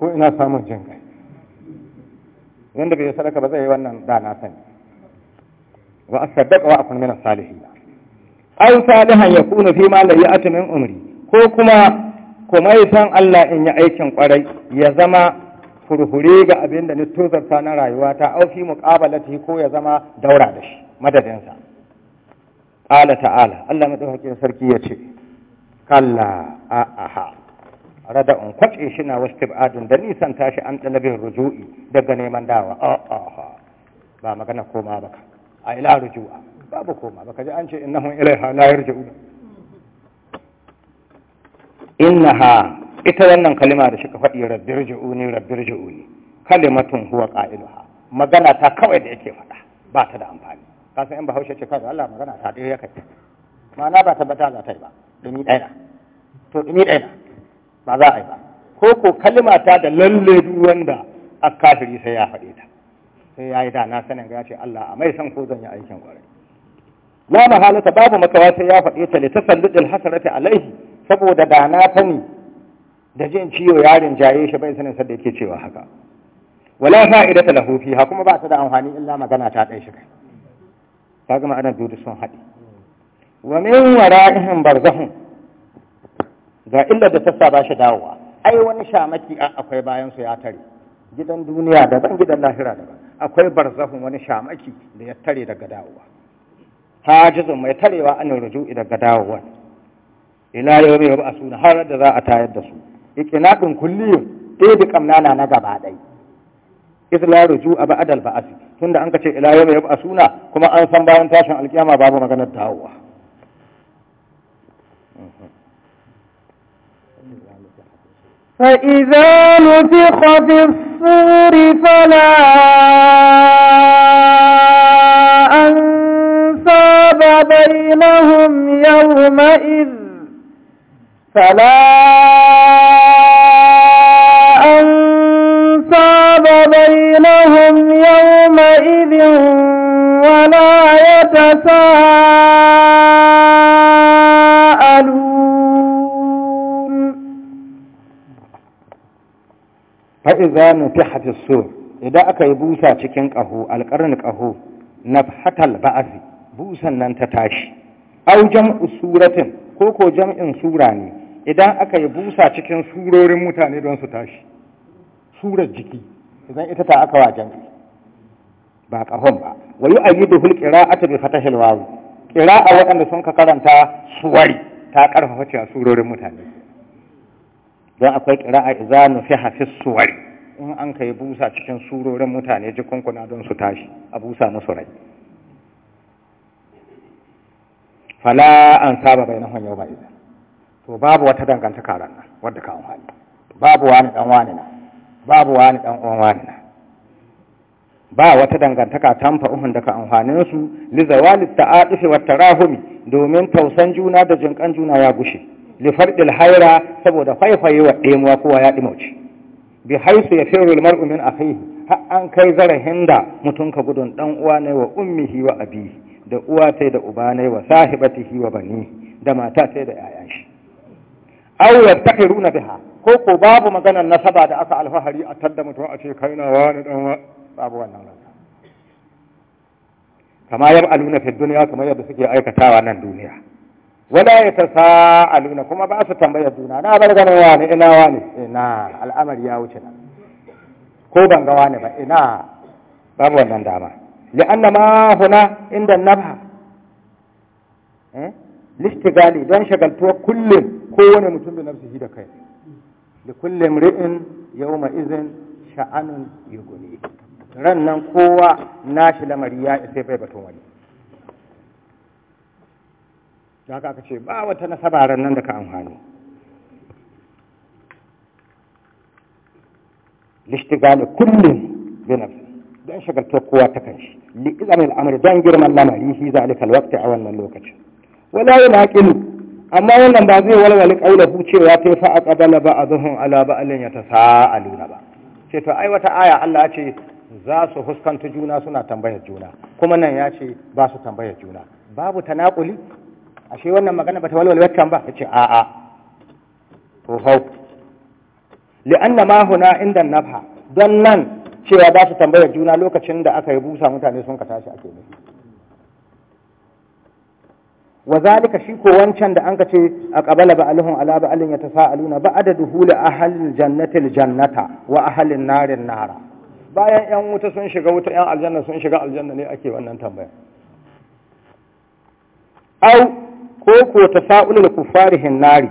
ko ina samun jin kai wanda bai sadaka ba zai yi wannan da na sani wa asaddaq wa akun min as-salihin aw salihan yakunu fi ma la ya'ti min umri ko kuma kuma san Allah in yi aikin kwarai ya zama furhure ga abin da ni tozarta na rayuwata aw fi muqabalati ko ya zama daura da shi madadinsa ƙala ta'ala Allah madaukakin sarki ya ce kalla a'aha rada in kwace shi na wasu tibadin da nisan tashi an ɗalibin ruju'i daga neman dawa ha ba magana koma baka a ila ruju'a babu koma baka ji an ce innahum ilaiha la inna innaha ita wannan kalima da shika faɗi rabbir ji'uni rabbir ji'uni kalimatun huwa qailuha magana ta kawai da yake faɗa ba ta da amfani ka san in bahaushe ce kaga Allah magana ta ɗaya kai ma'ana ba tabbata za ta yi ba dumi ɗaya to dumi ɗaya ba za a yi ba ko ko kalima ta da lalle duk wanda a kafiri sai ya faɗe ta sai ya yi da na sanin ga ce Allah a mai san ko zan yi aikin kwarai la mahalata babu makawa sai ya faɗe ta litasalludil hasarati alaihi saboda da na sani da jin ciwo yarin jaye shi bai sanin sadda yake cewa haka wala fa'idata lahu fiha kuma ba ta da amfani illa magana ta dai shi kai ga ma'anar dudu sun haɗi wa min wara'ihim ga illa da ta ba shi dawowa ai wani shamaki akwai bayan su ya tare gidan duniya daban gidan lahira daban akwai barzahun wani shamaki da ya tare daga dawowa hajizun mai tarewa an ruju'i daga dawowa ina yau mai ba suna har da za a tayar da su iqnaqun kulliyun ɗaya da kamnana na gaba ɗai iz la adal, ba'dal ba'asi tunda an kace ila yau mai ba suna kuma an san bayan tashin alkiyama babu maganar dawowa فإذا نفخ في الصور فلا أنساب بينهم يومئذ فلا أنساب بينهم يومئذ ولا يتساءل fa'iza nufiha fi sur idan aka yi busa cikin ƙaho alƙarni ƙaho na hatal ba'asi busan nan ta tashi au jam'u suratin ko ko jam'in sura ne idan aka yi busa cikin surorin mutane don su tashi surar jiki idan ita ta aka wa jam'i ba ƙahon ba wa yi ayyidu hul qira'atu bi fatahil waw qira'a waɗanda sun ka karanta suwari ta ƙarfafa cewa surorin mutane don akwai ƙira'a iza nufiha fi suwari in an kai busa cikin surorin mutane jikunkuna don su tashi a busa musu rai fala an saba bai na hanyar ba idan to babu wata dangantaka ran nan wadda ka hali babu wani dan wani na babu wani dan uwan wani na ba wata dangantaka tamfa uhun daga amfanin su li zawali ta'adufi wa tarahumi domin tausan juna da jinkan juna ya gushe lifar fardil haira saboda faifayewa ɗemuwa kowa ya ɗimauci bi haisu ya firu mar'u min akhihi har an kai zarafin da mutum gudun dan uwa ne wa ummihi wa abi da uwa tai da uba ne wa sahibatihi wa bani da mata tai da yayan shi aw yattakhiruna biha ko ko babu maganar nasaba da aka alfahari a tadda mutum a ce kai na wani dan babu wannan kama yar aluna fi duniya kamar yadda suke aikatawa nan duniya wala ya ta sa'aluna kuma ba su tambaya juna na bar ganin wani ina wani ina al'amari ya wuce nan ko ban ga wani ba ina babu wannan dama anna ma huna inda nafa eh listigali don shagaltuwa kullum wani mutum da nafsihi da kai da kullum ri'in yawma izin sha'anun yuguni ran nan kowa nashi lamari ya isa bai batun wani don haka aka ce ba wata nasaba nan da ka amfani lishtigali kullum binafsi don shagaltar kowa ta kanshi li izamil amr don girman lamari shi zalikal a wannan lokacin wala yana qilu amma wannan ba zai walwali kaulahu cewa sai fa aqbala azhum ala ya yatasaaluna ba ce to ai wata aya Allah ce za su huskanta juna suna tambayar juna kuma nan ya ce ba su tambayar juna babu tanakuli ashe wannan magana bata walwal waccan ba ce a a to li'anna ma huna inda nafa don nan cewa za su tambaya juna lokacin da aka yi busa mutane sun ka tashi ake nufi wa zalika shi ko wancan da an ka ce a qabala ba'aluhum ala ba'alin yatasaaluna ba'da duhuli ahlil jannati jannata wa ahlin narin nara bayan yan wuta sun shiga wuta yan aljanna sun shiga aljanna ne ake wannan tambaya au ko ko ta tafa'ulul kufarihin nari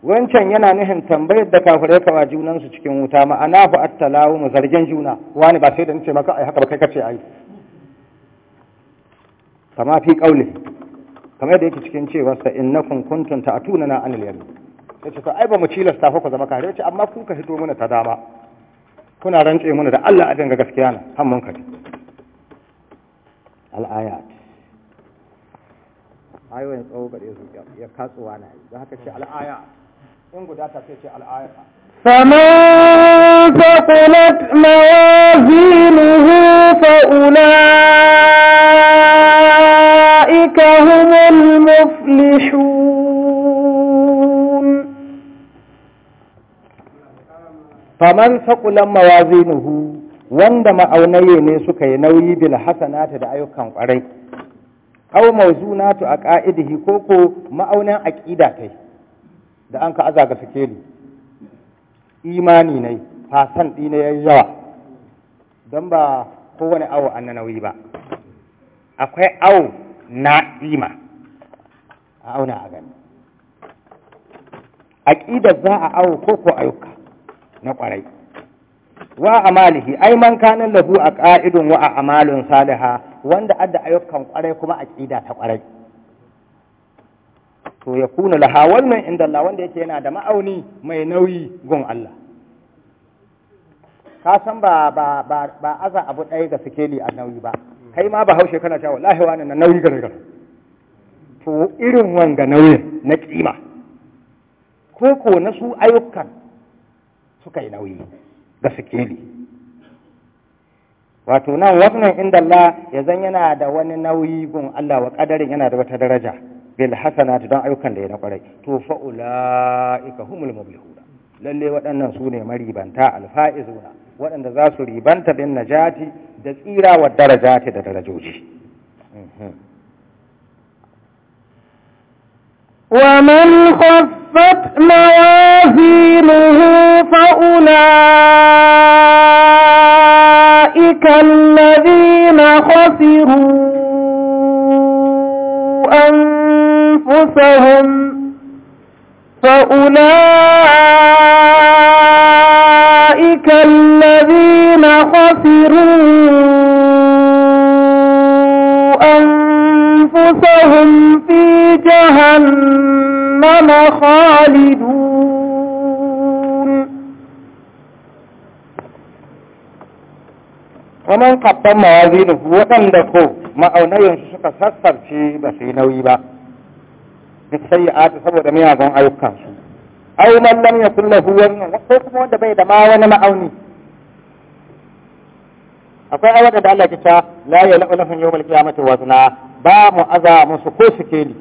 wancan yana nuhin tambayar da kafirai kama junansu cikin wuta ma'ana fa attalawu talawu mu zargin juna wani ba sai da nace maka ai haka ba kai kace ai kama fi qauli kamar da yake cikin cewa sa innakum kuntum na anil yamin yace to ai ba mu cilasta fa ku zama kare yace amma ku ka hito mana ta dama kuna rantse mana da Allah a danga gaskiya nan han mun kace al-ayat ayoyin tsawo gare su ya katsuwa na yi za haka ce al'aya in guda ta ce al'aya فمن ثقلت موازينه فأولئك هم المفلحون فمن ثقلت موازينه wanda ma'aunaye ne suka yi nauyi bil hasanata da ayyukan ƙwarai aw mawzunatu aqaidihi ko ko ma'aunin aqida kai da an ka aza ga sikeli imani ne fasan dine yayi yawa dan ba kowane awo annanawi ba akwai awo na ima a auna a gani aqida za a awo ko ko na kwarai wa amalihi ai man kanin lahu a ka'idun wa a saliha wanda adda ayyukan kwarai kuma aqida ta kwarai to ya kuna laha wannan inda Allah wanda yake yana da ma'auni mai nauyi gun Allah ka san ba ba ba, aza abu ɗaya ga sikeli a nauyi ba kai ma ba haushe kana cewa wallahi wani na nauyi gargar to irin wanga nauyin na kima ko ko na su ayyukan suka yi nauyi suke ne wato nan wannan inda Allah ya zan yana da wani nauyi gun Allah wa ƙadarin yana da wata daraja bil hasanat don ayyukan da ya na kwarai to fa ulaika humul muflihuna lalle waɗannan su ne maribanta alfaizuna waɗanda za su ribanta bin najati da tsira wa darajati da darajoji mhm. ومن خفت موازينه فأولئك الذين خسروا أنفسهم فأولئك الذين خسروا فهم في جهنم خالدون ومن قد موازينه وقم دخو ما أو نيون شكا سسر شي بشي نويبا السيئات سبو دميا غن أو كاشو أو من لم يصل له وين وقفوا دبي دماوان ما أوني أقول أولا دعلا جتا لا يلأ لهم يوم القيامة وزنا ba mu aza musu ko ni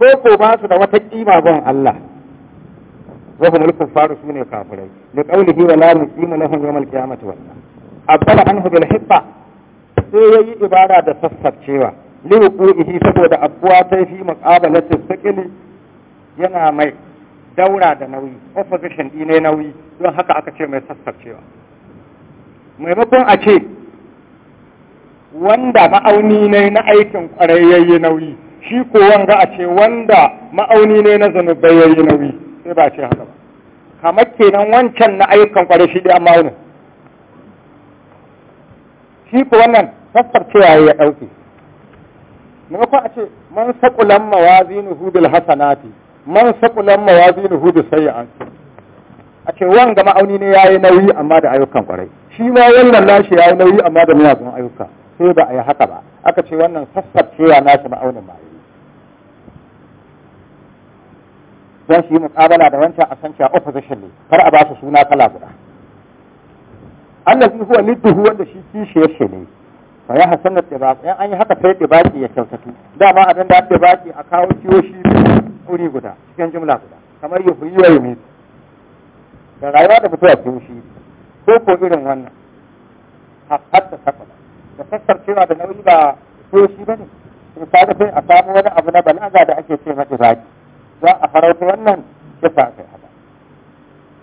ko ko ba su da wata kima ban Allah wa hum al-kuffaru sune kafirai da qawlihi wa la muslima lahum yawm al-qiyamati wa abala anhu bil hibba sai yayi ibada da sassafcewa li wuqu'ihi saboda abuwa ta fi muqabalati sakili yana mai daura da nauyi opposition dine nauyi don haka aka ce mai sassafcewa maimakon a ce wanda ma'auni ne na aikin kwarai yi nauyi shi ko wanga a ce wanda ma'auni ne na zanubai yi nauyi sai ba ce haka ba kamar kenan wancan na aikin kwarai shi dai amma wani shi ko wannan fassar cewa ya dauke maimakon a ce man mawazi ni hudul hasanati man ni hudul sai sayyi'ati a ce wanga ma'auni ne ya yi nauyi amma da ayyukan kwarai shi ma wannan nashi yi nauyi amma da miyagun ayyuka sai ba a yi haka ba aka ce wannan sassabcewa nashi ma'aunin ma don shi muƙabala da wancan a san cewa opposition ne kar a ba su suna kala guda allazi huwa lidduhu wanda shi kishiyarshi ne fa ya hasan da tibaki in an yi haka sai tibaki ya kyautatu dama abin da tibaki a kawo ciwo shi wuri guda cikin jumla guda kamar yi fuyi ya yi da rayuwa da fitowa ciwo shi ko ko irin wannan hatta sakwa da cewa da nauyi ba ko shi ba ne to kaga a samu wani abu na balaga da ake ce mata zagi za a farauta wannan kisa kai haka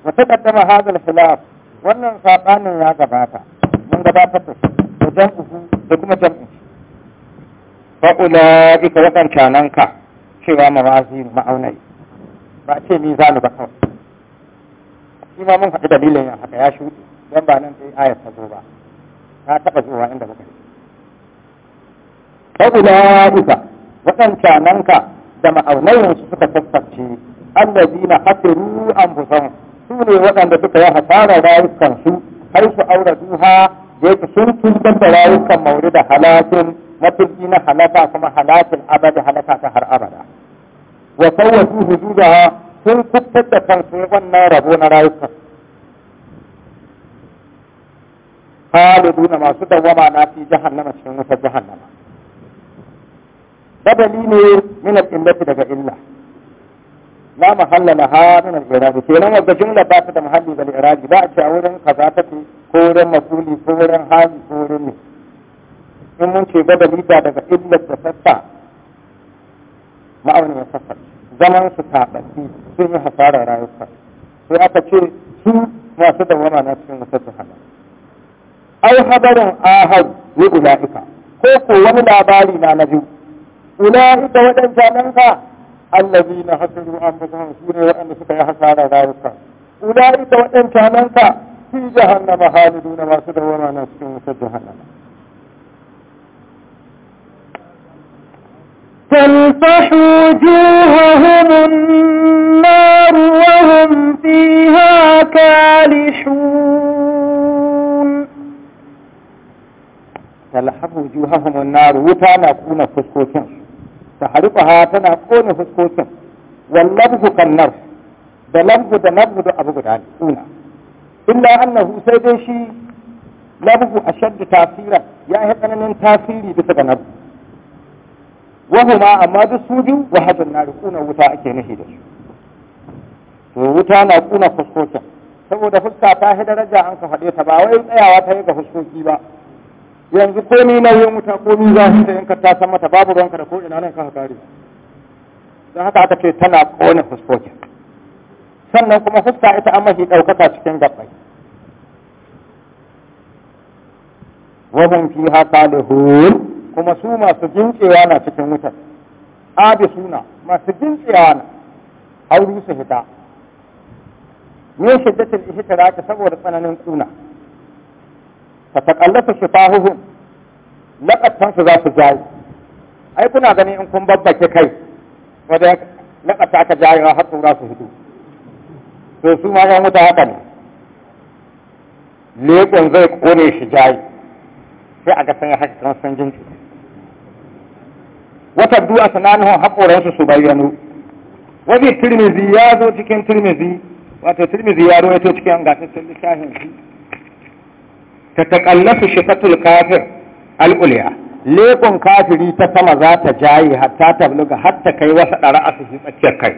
wa taqaddama hadha al-khilaf wannan sabanin ya gabata mun gabatar da shi da jam'u da kuma jam'u fa ulaika wa kancanan ka cewa mawazin ma'aunai ba ce ni za ni ba kawai shi ma mun haɗu dalilin ya haka ya shuɗe don ba nan sai ayar ta zo ba na taɓa zuwa inda kuka yi fa'ula'ika waɗancananka da ma'aunayensu suka sassarce allazina hasiru anfusahum su ne waɗanda suka yi hasara rayukansu har su aura duha da yake sun da rayukan mauri da halakin matuƙi na halata kuma halakin abada halaka ta har abada wa sawwatu hududaha sun kuttar da kansu wannan rabo na rayukansu khaliduna masu dawama na fi jahannama cikin wuta jahannama badali ne min al-illati daga illa la mahalla laha min al-i'rab kenan wadda jumla ba ta da mahalli da i'rab ba a ce a wurin kaza take ko wurin masuli ko wurin hali ko wurin ne in mun ce badali ba daga illa da sassa ma'aunin sassa zaman su tabbaci sun yi hasarar rayuka sai aka ce su masu dawama na cikin wuta jahannama au habarin ahad wa ula'ika ko ko wani labari na na biyu ula'ika waɗancan nan ka allazi na hasaru an fasahun su ne waɗanda suka yi hasara rayuka ula'ika waɗancan nan ka fi jahannama halidu na masu dawama na cikin wutar jahannama تلفح وجوههم النار وهم فيها كالحون talhafu juhahum nar wuta na kuna fuskokin ha tana kona fuskokin kan kannar da labbu da labbu da abu guda kuna illa annahu sai dai shi labbu ashaddu tasira ya yi tsananin tasiri bisa ga nabbu wahuma amma duk su biyu wahadun nar kuna wuta ake nufi da su to wuta na kuna fuskokin saboda fuska ta hi daraja an ka faɗe ta ba wai tsayawa ta yi ga fuskoki ba yanzu komi nauyin wuta komi za su ta yanka ta san mata babu ruwanka da ko ina nan ka kare don haka aka ce tana kone fuskokin sannan kuma fuska ita an mafi ɗaukaka cikin gabbai wajen fi haka da kuma su masu jinkewa na cikin wutar abi suna masu jinkewa na auri su ta ne shiddatul ihtiraq saboda tsananin tsuna. fataqallasa sifahuhum huhun, su za su jayi ai kuna gani in kun babbake kai wanda laqata aka jayi har tsura su hudu to su ma yan wuta haka ne leƙon zai kone shi jayi sai a ga sun haka kan sun jinki wata du'a sananuhun haƙoransu su bayyano wani tirmizi ya zo cikin tirmizi wato tirmizi ya rawaito cikin gasassun littafin shi ta taƙallafi shifatul kafir al'uliya lekun kafiri ta sama za ta jaye hatta ta buluga hatta kai wasa ɗara a cikin tsakiyar kai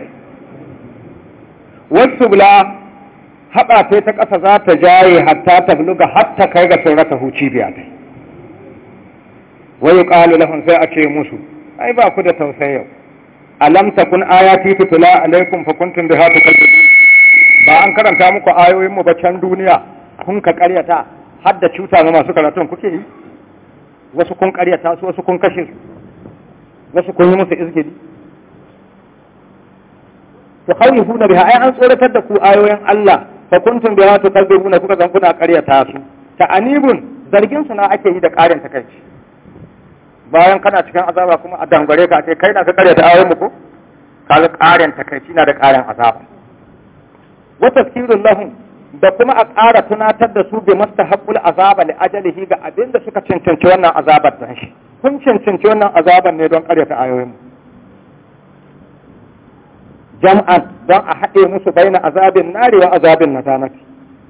wasu bula haɓa ta ta ƙasa za ta jaye hatta ta buluga hatta kai ga sun rasa huci biya dai wai ƙalu lahun sai a ce musu ai ba ku da tausayau alam takun ayati tutula alaikum fa kuntum biha tukadzibun ba an karanta muku ayoyin mu ba can duniya kun ka karyata hadda cuta ga masu karatun kuke yi wasu kun karyata su wasu kun kashe su wasu kun yi musu izgili to khawifuna biha ai an tsoratar da ku ayoyin Allah fa kuntum biha tukadzibuna kuka zan kuna karyata su ta anibun zargin su na ake yi da karin takaici bayan kana cikin azaba kuma a dangare ka ce kai na ka karyata ayoyin mu ko kaga karin takaici na da karin azaba wa tafsirul lahum da kuma a ƙara tunatar da su bi haƙul azaba li ajalihi ga abin da suka cancanci wannan azabar da shi kun cancanci wannan azabar ne don ƙaryata ayoyin jam'an don a haɗe musu na azabin nari wa azabin natanati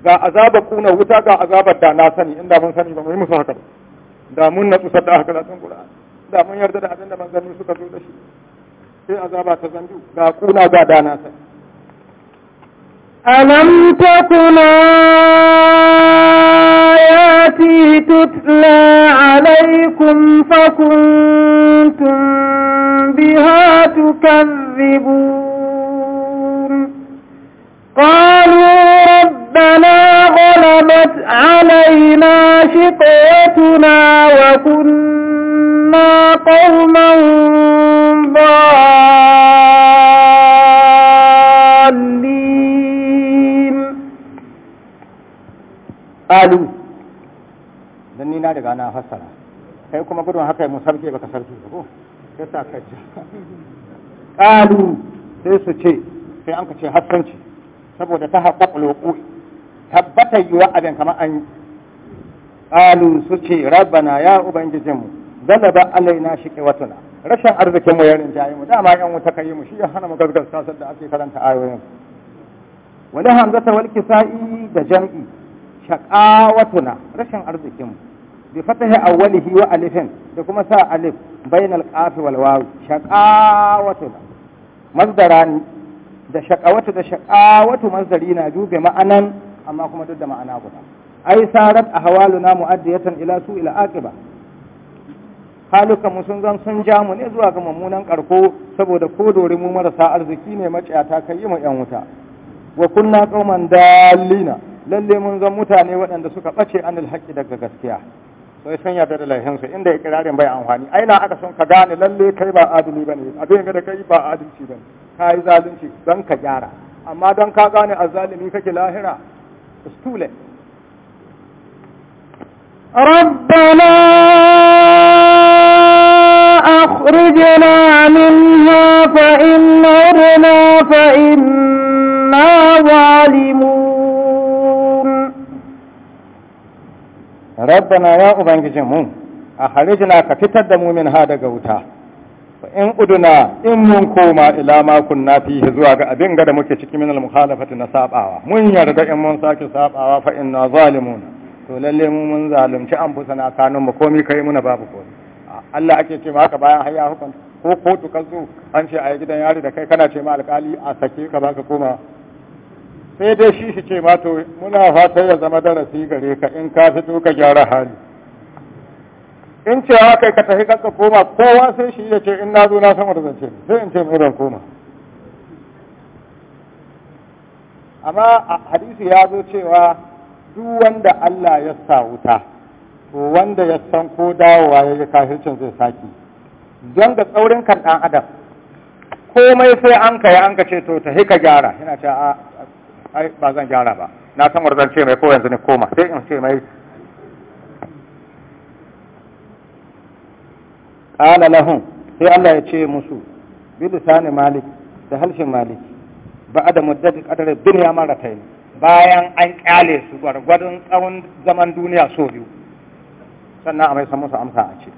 ga azabar kuna wuta ga azabar da na sani inda mun sani ba mu yi musu haka ba da mun tsusar sadda haka latin Qur'an da mun yarda da abin da manzanni suka zo da shi sai azaba ta zanju ga kuna ga da na sani. ألم تكن آياتي تتلى عليكم فكنتم بها تكذبون قالوا ربنا غلبت علينا شقوتنا وكنا قوما ضالين qalu dan ni na daga na fassara kai kuma gudun haka mu sarki baka sarki ko sai sa ka ji sai su ce sai an ka ce hassanci saboda ta haqqaqul wuqu tabbata yiwa abin kamar an qalu su ce rabbana ya ubangijinmu zalaba alaina watuna rashin arzikin mu yarin jayi mu dama yan wuta kai mu shi ya hana mu sasar da ake karanta ayoyin wani hamzata wal kisa'i da jam'i shaqawatuna rashin arzikinmu bi fatahi awwalihi wa alifin da kuma sa alif bainal qaf wal waw shaqawatuna masdarani da shaqawatu da shaqawatu masdari na jube ma'anan amma kuma duk da ma'ana guda ai sarat ahwaluna mu'addiyatan ila su ila aqiba halukan mu sun zan sun ja mu ne zuwa ga mummunan karko saboda ko dore mu marasa arziki ne ta kai yi mu yan wuta wa kunna qauman dalina lalle mun zan mutane waɗanda suka ɓace an haƙƙi daga gaskiya sai sun yarda da laihinsu inda ikirarin bai amfani aina aka son ka gane lalle kai ba adali bane abin da kai ba adalci bane ka yi zalunci don ka gyara amma don ka gane azzalimi kake lahira it's too late ربنا أخرجنا منها فإن عدنا فإنا ظالمون rabbana ya ubangijin mu a harijina ka fitar da mu min ha daga wuta in uduna in mun koma ila ma kunna fihi zuwa ga abin gada da muke cikin min al-mukhalafati na sabawa mun yarda in mun sake sabawa fa inna zalimun to lalle mu mun zalunci an fusa na kanun mu komai kai muna babu ko Allah ake ce haka bayan hayya hukunta ko kotu ka an ce a gidan yari da kai kana ce ma alkali a sake ka baka koma sai dai shi shi ce mato muna fatar ya zama darasi gare ka in ka fito ka gyara hali in ce haka ka tafi ka koma kowa sai shi ya ce in na zo na san wata zance sai in ce mai koma amma a hadisi ya zo cewa duk wanda Allah ya sa wuta to wanda ya san ko dawowa ya yi kafircin zai saki don da tsaurin kan ɗan adam komai sai an ka ya an ka ce to ta ka gyara yana ce a ai ba zan gyara ba na san warzan ce mai ko yanzu ne koma sai in ce mai qala lahum sai Allah ya ce musu bi lisani malik da halshin maliki ba'da muddati qadar dunya maratayn bayan an kyale su gwargwadon tsawon zaman duniya so biyu sannan a mai san musu amsa a ce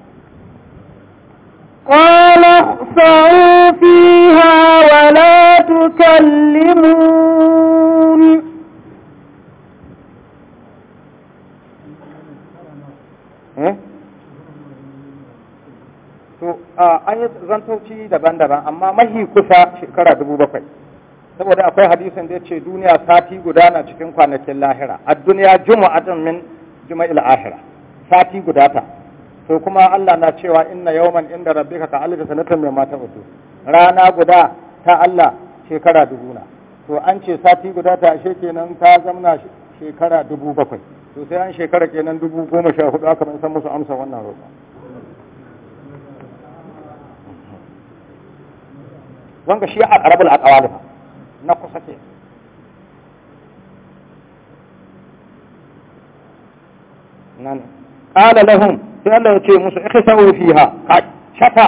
قال اخفعوا فيها ولا تكلمون to an yi zantoci daban-daban amma mahi kusa shekara dubu bakwai saboda akwai hadisin da ya ce duniya sati guda na cikin kwanakin lahira a duniya juma'a min juma'il ahira sati guda ta to kuma Allah na cewa inna yawman inda rabbika ka alif sanatan mai mata udu rana guda ta Allah shekara dubu na to an ce sati guda ta ashe kenan ta zamna shekara dubu bakwai to sai an shekara kenan dubu goma sha hudu aka san musu amsa wannan roƙo wanga shi a ƙarabul a na kusa ke nan qala lahum sai Allah ya ce musu fi ha ka shafa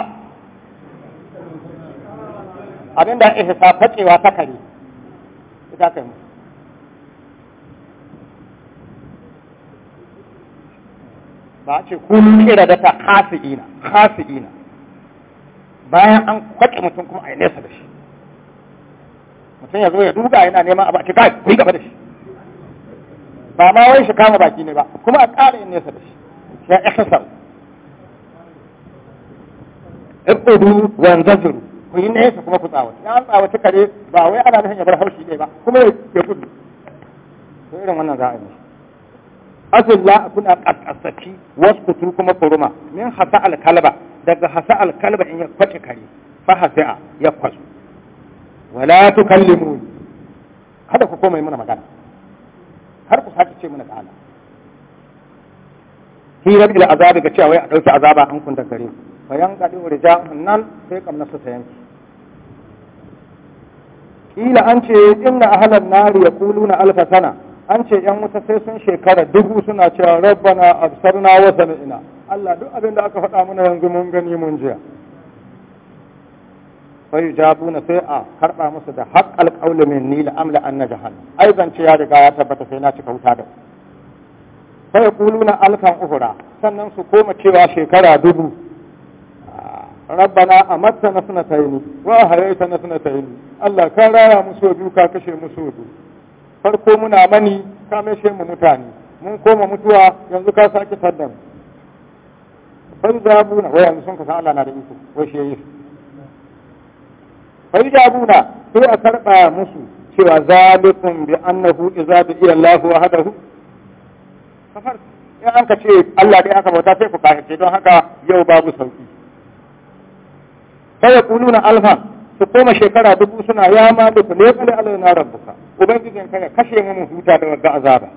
abinda fakewa ta kare ita kai musu ba a ce kun kira da ta hasi ina bayan an kwace mutum kuma a yi nesa da shi mutum ya zo ya duga yana neman abu a cika kai yi gaba da shi ba ma wai shi kama baki ne ba kuma a ƙara yin nesa da shi na ihsar وانتظروا wa anzaru ku yi nesa kuma ku tsawace na an tsawace kare ba wai ana nufin ya bar haushi ne ba kuma ya gudu to irin wannan za a yi asul la kuna qasqasati waskutu kuma furuma min hasa al kalba daga hasa al kalba in ya kwace kare fa hasa ya kwasu wala tukallimuni kada ku komai mana magana har ku sake ce mana ta'ala hirar ila azabi ga cewa ya a ɗauki azaba an kunta gare su bayan wa urja nan sai kamna su ta yanki kila an ce inna ahlan nari yaquluna alfa sana an ce yan wuta sai sun shekara dubu suna cewa rabbana absarna wa sami'na Allah duk abin da aka faɗa mana yanzu mun gani mun jiya sai jabuna sai a karɓa musu da haqqal qawli min nila amla an jahannam ai zance ya riga ya tabbata sai na cika wuta da fa yaquluna alfan uhura sannan su koma cewa shekara dubu rabbana amatta na sanatayn wa hayaita na sanatayn Allah ka raya mu so biyu ka kashe mu so biyu farko muna mani ka mashe mu mutane mun koma mutuwa yanzu ka sake saddan sai da abuna wai yanzu sun ka san Allah na da iko wai shi yi sai da abuna sai a karba musu cewa zalikum bi annahu idza da ila Allah wahdahu kafar in an ce Allah dai aka bauta sai ku kafirce don haka yau babu sauki sai ku nuna alfa su koma shekara dubu suna ya ku ne kale rabuka rabbuka ubangijin ka kashe mu huta da wanda azaba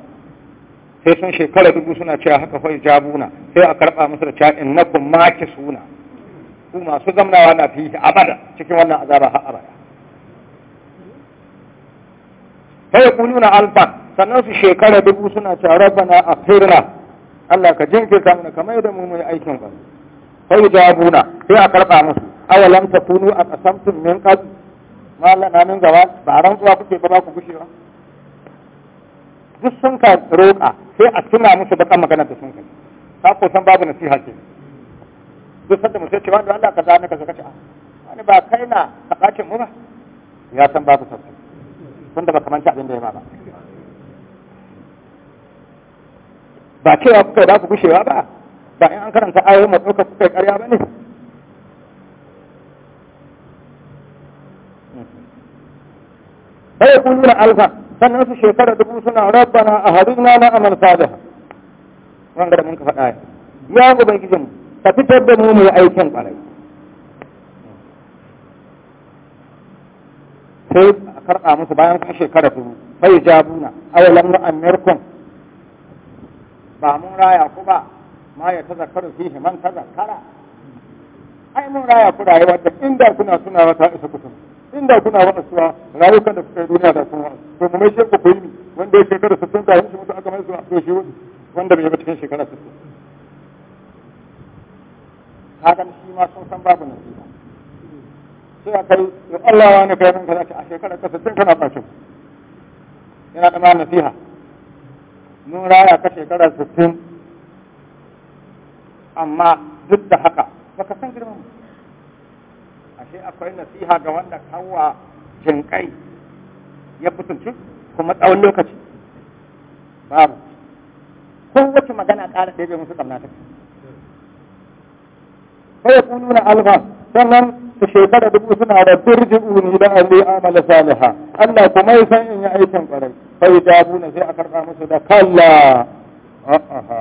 sai sun shekara dubu suna cewa haka fa jabuna sai a karba musu da cewa innakum makisuna ku masu zamnawa na fi abada cikin wannan azaba har abada sai ku nuna alfa sannan su shekara dubu suna tare bana a firna Allah ka jinkirta mana kamar yadda mu mai aikin ba sai jawabuna sai a karba musu awalam takunu a qasamtum min qad ma min gaba ba ran zuwa kuke ba ku gushe ba duk sun ka roƙa sai a tuna musu bakan magana da sun kai ka ko san babu nasiha ce duk sanda mutum ce wanda da Allah kaza ka zaka ci a ah, wani ba kai na ka kace mu ba ya san babu sabbi tunda ba ci abin da ya ba ba cewa kuka ba ku gushewa ba ba in an karanta mai matsauka kuka yi karya ba ne bai nuna alfa sannan su shekara dubu suna rabbana a harin na amal sada wanda da mun ka faɗa ya ubangijin ka fitar da mu mu aikin ƙwarai sai a karɓa musu bayan kuma shekara dubu bai jabuna awalan mu'ammirkum ba mun raya ku ba ma ya ta zakaru fi man ta zakara ai mun raya ku rayuwa da inda kuna tunawa ta isa kutum inda kuna wata suwa rayukan da kuka duniya da kuma to mu mai shekku ku yi wanda ya shekara 60 da yanzu mutu aka mai zuwa to shi wani wanda bai yi cikin shekara 60 hakan shi ma sun san babu nasiha sai a kai Allah wani kai nan kaza a shekara 60 kana bacin yana da ma nasiha mun raya ka shekara sittin amma duk da haka baka san girman ashe akwai nasiha ga wanda hawa jinkai ya fitunci kuma tsawon lokaci babu kowace magana ƙara ɗaya musu ƙamna ta ko ya kununa na alba sannan shekara dubu suna da uni da an yi amala saliha Allah kuma ya san in yi aikin kwarai sai da na sai a karɓa musu da kalla a'a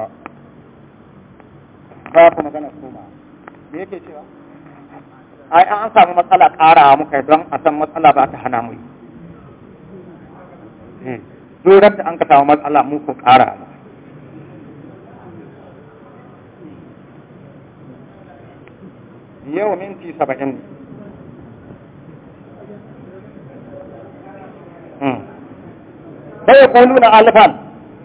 ba ku magana su ma me yake cewa ai an samu matsala ƙara muka don a san matsala ba ta hana mu yi hmm. durar da an ka samu matsala mu ku ƙara mu yau minti saba'in sai hmm. kunu na alifan,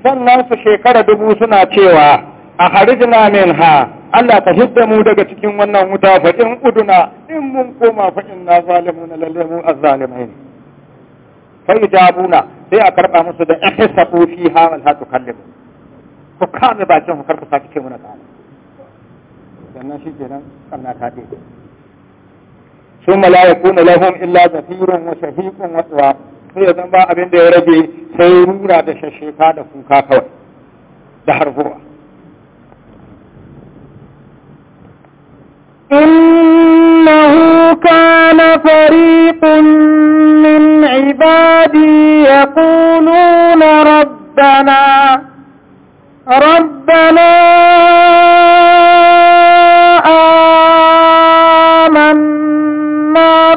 sannan su shekara dubu suna cewa a harijina min ha Allah ka hidda mu daga cikin wannan wuta faɗin uduna in mun koma faɗin in na zalimu na lalle mu azzalimai ne fa sai a karba musu da ihsabu fiha wal hatu kallim ku kame bakin ku karku sake ce muna sannan shi ke nan sannan ta ce sun la kuna lahum illa zafirun wa shahiqun wa tsawa sai ya ba abin da ya rage sai rura da shasheka da kuka kawai da harfuwa إنه كان فريق من عبادي يقولون ربنا ربنا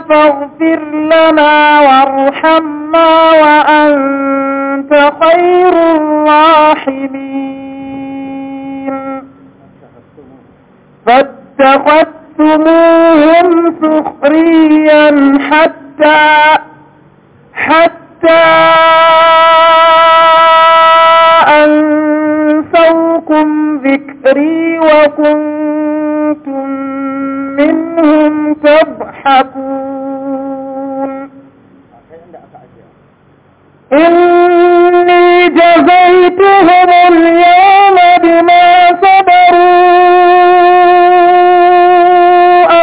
فاغفر لنا وارحمنا وأنت خير الراحمين فاتخذتموهم سخريا حتى حتى أنسوكم ذكري وكنتم منهم تضحكون إني جزيتهم اليوم بما صبروا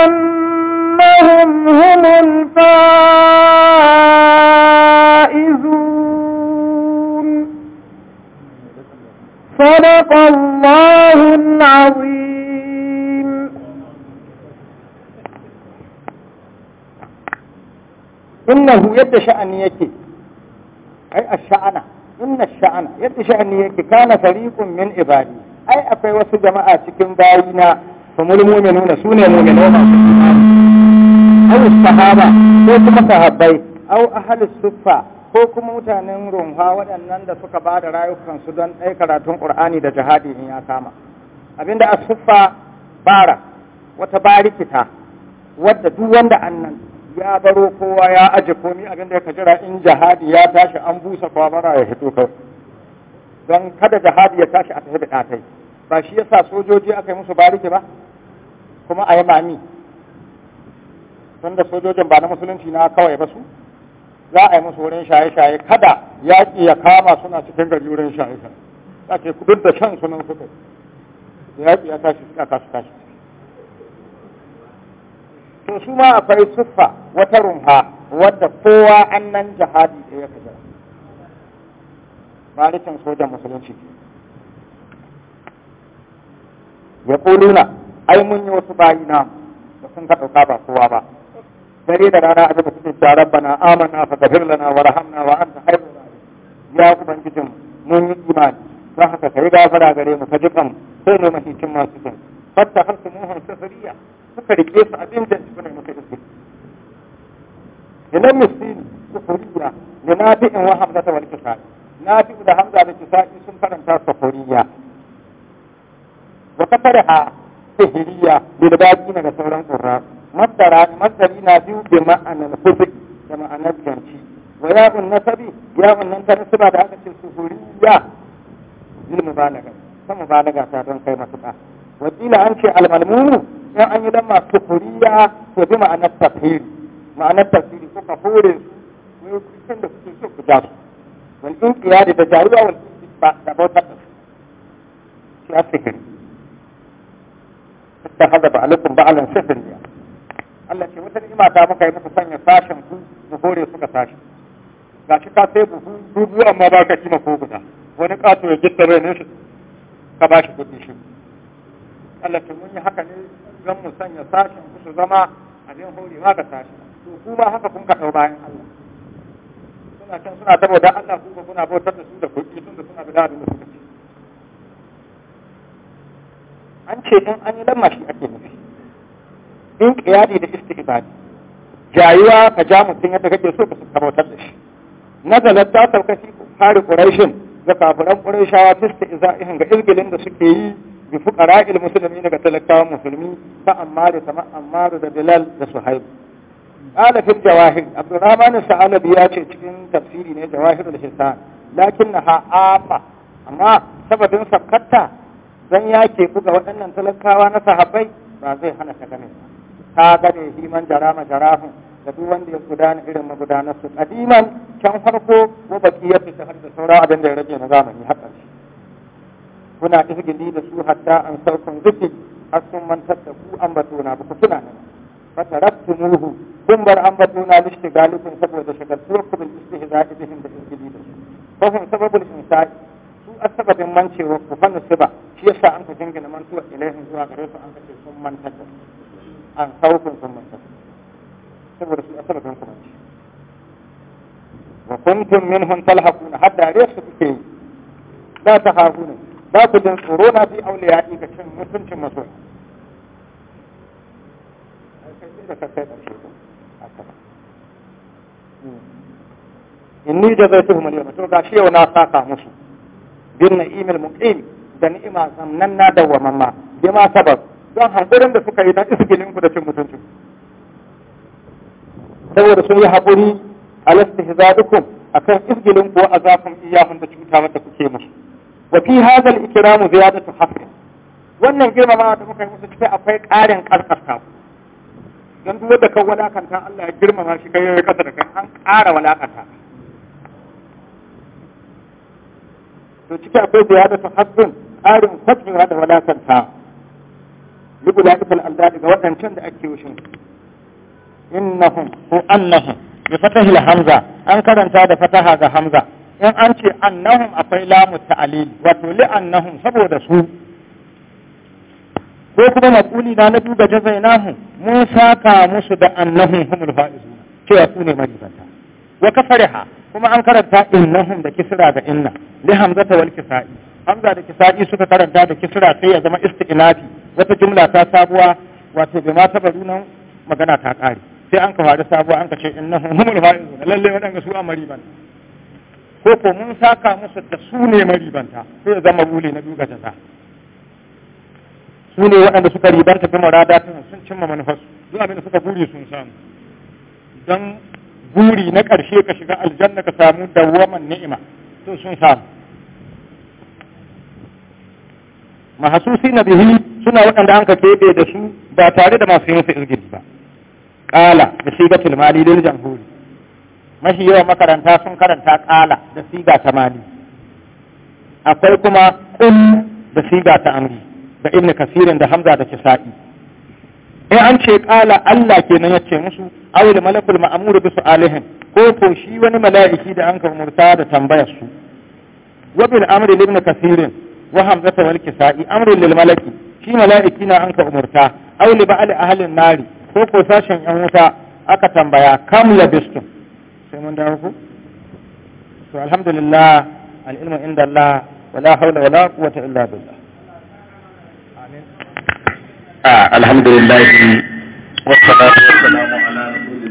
أنهم هم الفائزون صدق الله العظيم إنه يد أن يكي ai a shaana inna ash-sha'ana yadda sha'ani yake kana fariqun min ibadi ai akwai wasu jama'a cikin bayina fa mulmu'minuna sune mu'minuna masu imani sahaba ko kuma sahabbai au ahlus suffa ko kuma mutanen runha waɗannan da suka ba da rayukansu don ɗaya karatun ƙur'ani da jihadi in ya kama abinda a suffa bara wata barikita wadda duk wanda annan ya baro kowa ya aje komi abin da ya kajira in jihadi ya tashi an busa kwamara ya hito kai don kada jihadi ya tashi a tafi da kai ba shi yasa sojoji aka yi musu bariki ba kuma a yi mami da sojojin ba na musulunci na kawai ba su za a yi musu wurin shaye-shaye kada yaƙi ya kama suna cikin gari wurin shaye-shaye ake ce duk da shan sunan suka yaƙi ya tashi suka kasu tashi. to su ma akwai siffa wata rumha wadda kowa annan jihadi da ya kajara malikin sojan musulunci ya kuluna ai mun yi wasu bayi na da sun ka ɗauka ba kowa ba dare da rana a cikin suke ta na amana fa ghfir lana wa rahamna wa anta khairur rahimin ya ubangijin mun yi imani don haka kai gafara gare mu ka jikan sai ne mahicin masu jin fatta hamsu muhun sufuriya suka rike su abin da suna maka iske ina misiri sufuriya da in wa hamza ta wani kisa nabi'u da hamza da kisa sun karanta sufuriya wa kafarha sihiriya da baki na da sauran qurra masara masari na biyu bi ma'anar hufi da ma'anar janci wa ya'un nasabi ya'un nan ta nasaba da aka ce sufuriya lil mubalaga ta mubalaga ta don kai masu ba. wakila an ce al in an yi lamma kufuriya to bi ma'anar tafsiri ma'anar tafsiri ko ka hore su ne cikin da kuke so ku ja su wani in kiya da jaruwa wani ba da ba da su shi a sihiri ta haza ba alaikum ba alan sifin ya Allah ce wata ni'ima ta muka yi muku sanya sashen ku ku hore suka sashi ga shi ka sai buhu dubu amma ba ka kima ko guda wani ƙato ya gitta rai ne shi ka ba shi kuɗi shi Allah ce mun yi haka ne zan mu sanya sashen kusa zama zama abin horewa ga sashen to ku ba haka kun kaɗau bayan Allah suna can suna ta da Allah ku ba kuna bautar da su da kuɗi sun da suna da da suka ce an ce in an yi lamma shi ake nufi in kiyadi da istihbari jayuwa ka ja mutum yadda kake so ka bautar da shi nazalar ta sauka shi fari ƙurashin ga kafiran ƙurashawa iza ihin ga izgilin da suke yi bi fuqara'il muslimin daga talakawa musulmi ta ammaru ta ammaru da bilal da suhaib qala fi jawahir abdurrahman sa'alabi ya ce cikin tafsiri ne jawahir al-hisan lakinnaha afa amma sababin sakatta zan ya buga waɗannan talakawa na sahabbai ba zai hana ta gane ta gane himan jarama jarahun da duk wanda ya gudana irin magudanar su kadiman can farko ko baki ya fita har da sauran abin da ya rage na zamani har kuna izgili da su hatta an sarkun zikri har sun manta da ku an ambatona ba ku tuna nan fatarattu muhu kun bar an ambatona lishti galibin saboda shagaltuwar ku bil istihza'i bihim da izgili da su ko hum sababul insa'i su asababin mancewar ku su ba shi yasa an ka jingina mantuwa ilaihim zuwa gare su an ka ce sun mantar da an sarkun sun mantar saboda su asababin ku manci wa kuntum minhum talhaquna hadda resu kuke yi la tahaquna ba ku jin tsoro na fi auliya ga cin mutuncin masoya inni da zai tuhu maliyar to ga shi yau na saka musu bin na na'imil muqim da ni'ima zamnan na bi ma sabab don haƙurin da suka yi na isgilin ku da cin mutuncin saboda sun yi haƙuri a kan isgilin ku zafin iyahun da cuta mata kuke musu wa fi hadha al-ikramu ziyadatu haqqin wannan girmamawa da muka yi musu sai akwai ƙarin karkata don duk da kan walakanta Allah ya girmama shi kai ya kasa da kai an ƙara walakanta to ciki akwai ziyadatu haqqin ƙarin kwatmewa da walakanta libula ibn al-aldad ga wadancan da ake wushin innahum ko annahum bi hamza an karanta da fataha ga hamza in an ce annahum akwai lamu ta'alil wato li annahum saboda su ko kuma maquli na nabi ga jazainahu mun saka musu da annahum humul faizun cewa su ne majibanta wa kafariha kuma an karanta innahum da kisra da inna li hamzata wal kisai hamza da kisai suka karanta da kisra sai ya zama istiqnafi wata jumla ta sabuwa wato bai ma taba nunan magana ta kare sai an ka faru sabuwa an ka ce innahum humul faizun lalle wadanga su amari ban ko ko mun saka musu da su ne maribanta sai zama rule na duka ta su ne waɗanda suka ribanta bi ta sun cimma manufar su abin da suka buri sun samu don buri na ƙarshe ka shiga aljanna ka samu dawwaman ni'ima to sun samu mahasusi na bihi suna waɗanda an ka keɓe da su ba tare da masu yin su izgidi ba ƙala da shigatul mali lil jamhuri mafi yawan makaranta sun karanta ƙala da siga ta mali akwai kuma kun da siga ta amri da ibn kasirin da hamza da kisa'i in an ce ƙala Allah kenan ya ce musu awil malakul ma'amuru bisu alihim ko ko shi wani mala'iki da an murta da tambayar su wa bil amri ibn kasirin wa hamza ta wal kisa'i amrun lil malaki shi mala'iki na an kamurta awil ba'al ahlin nari ko ko sashen yan wuta aka tambaya kam labistun sai mun dawo ku to alhamdulillah al'ilmu inda Allah wala haula wala quwwata illa billah amin ah, alhamdulillah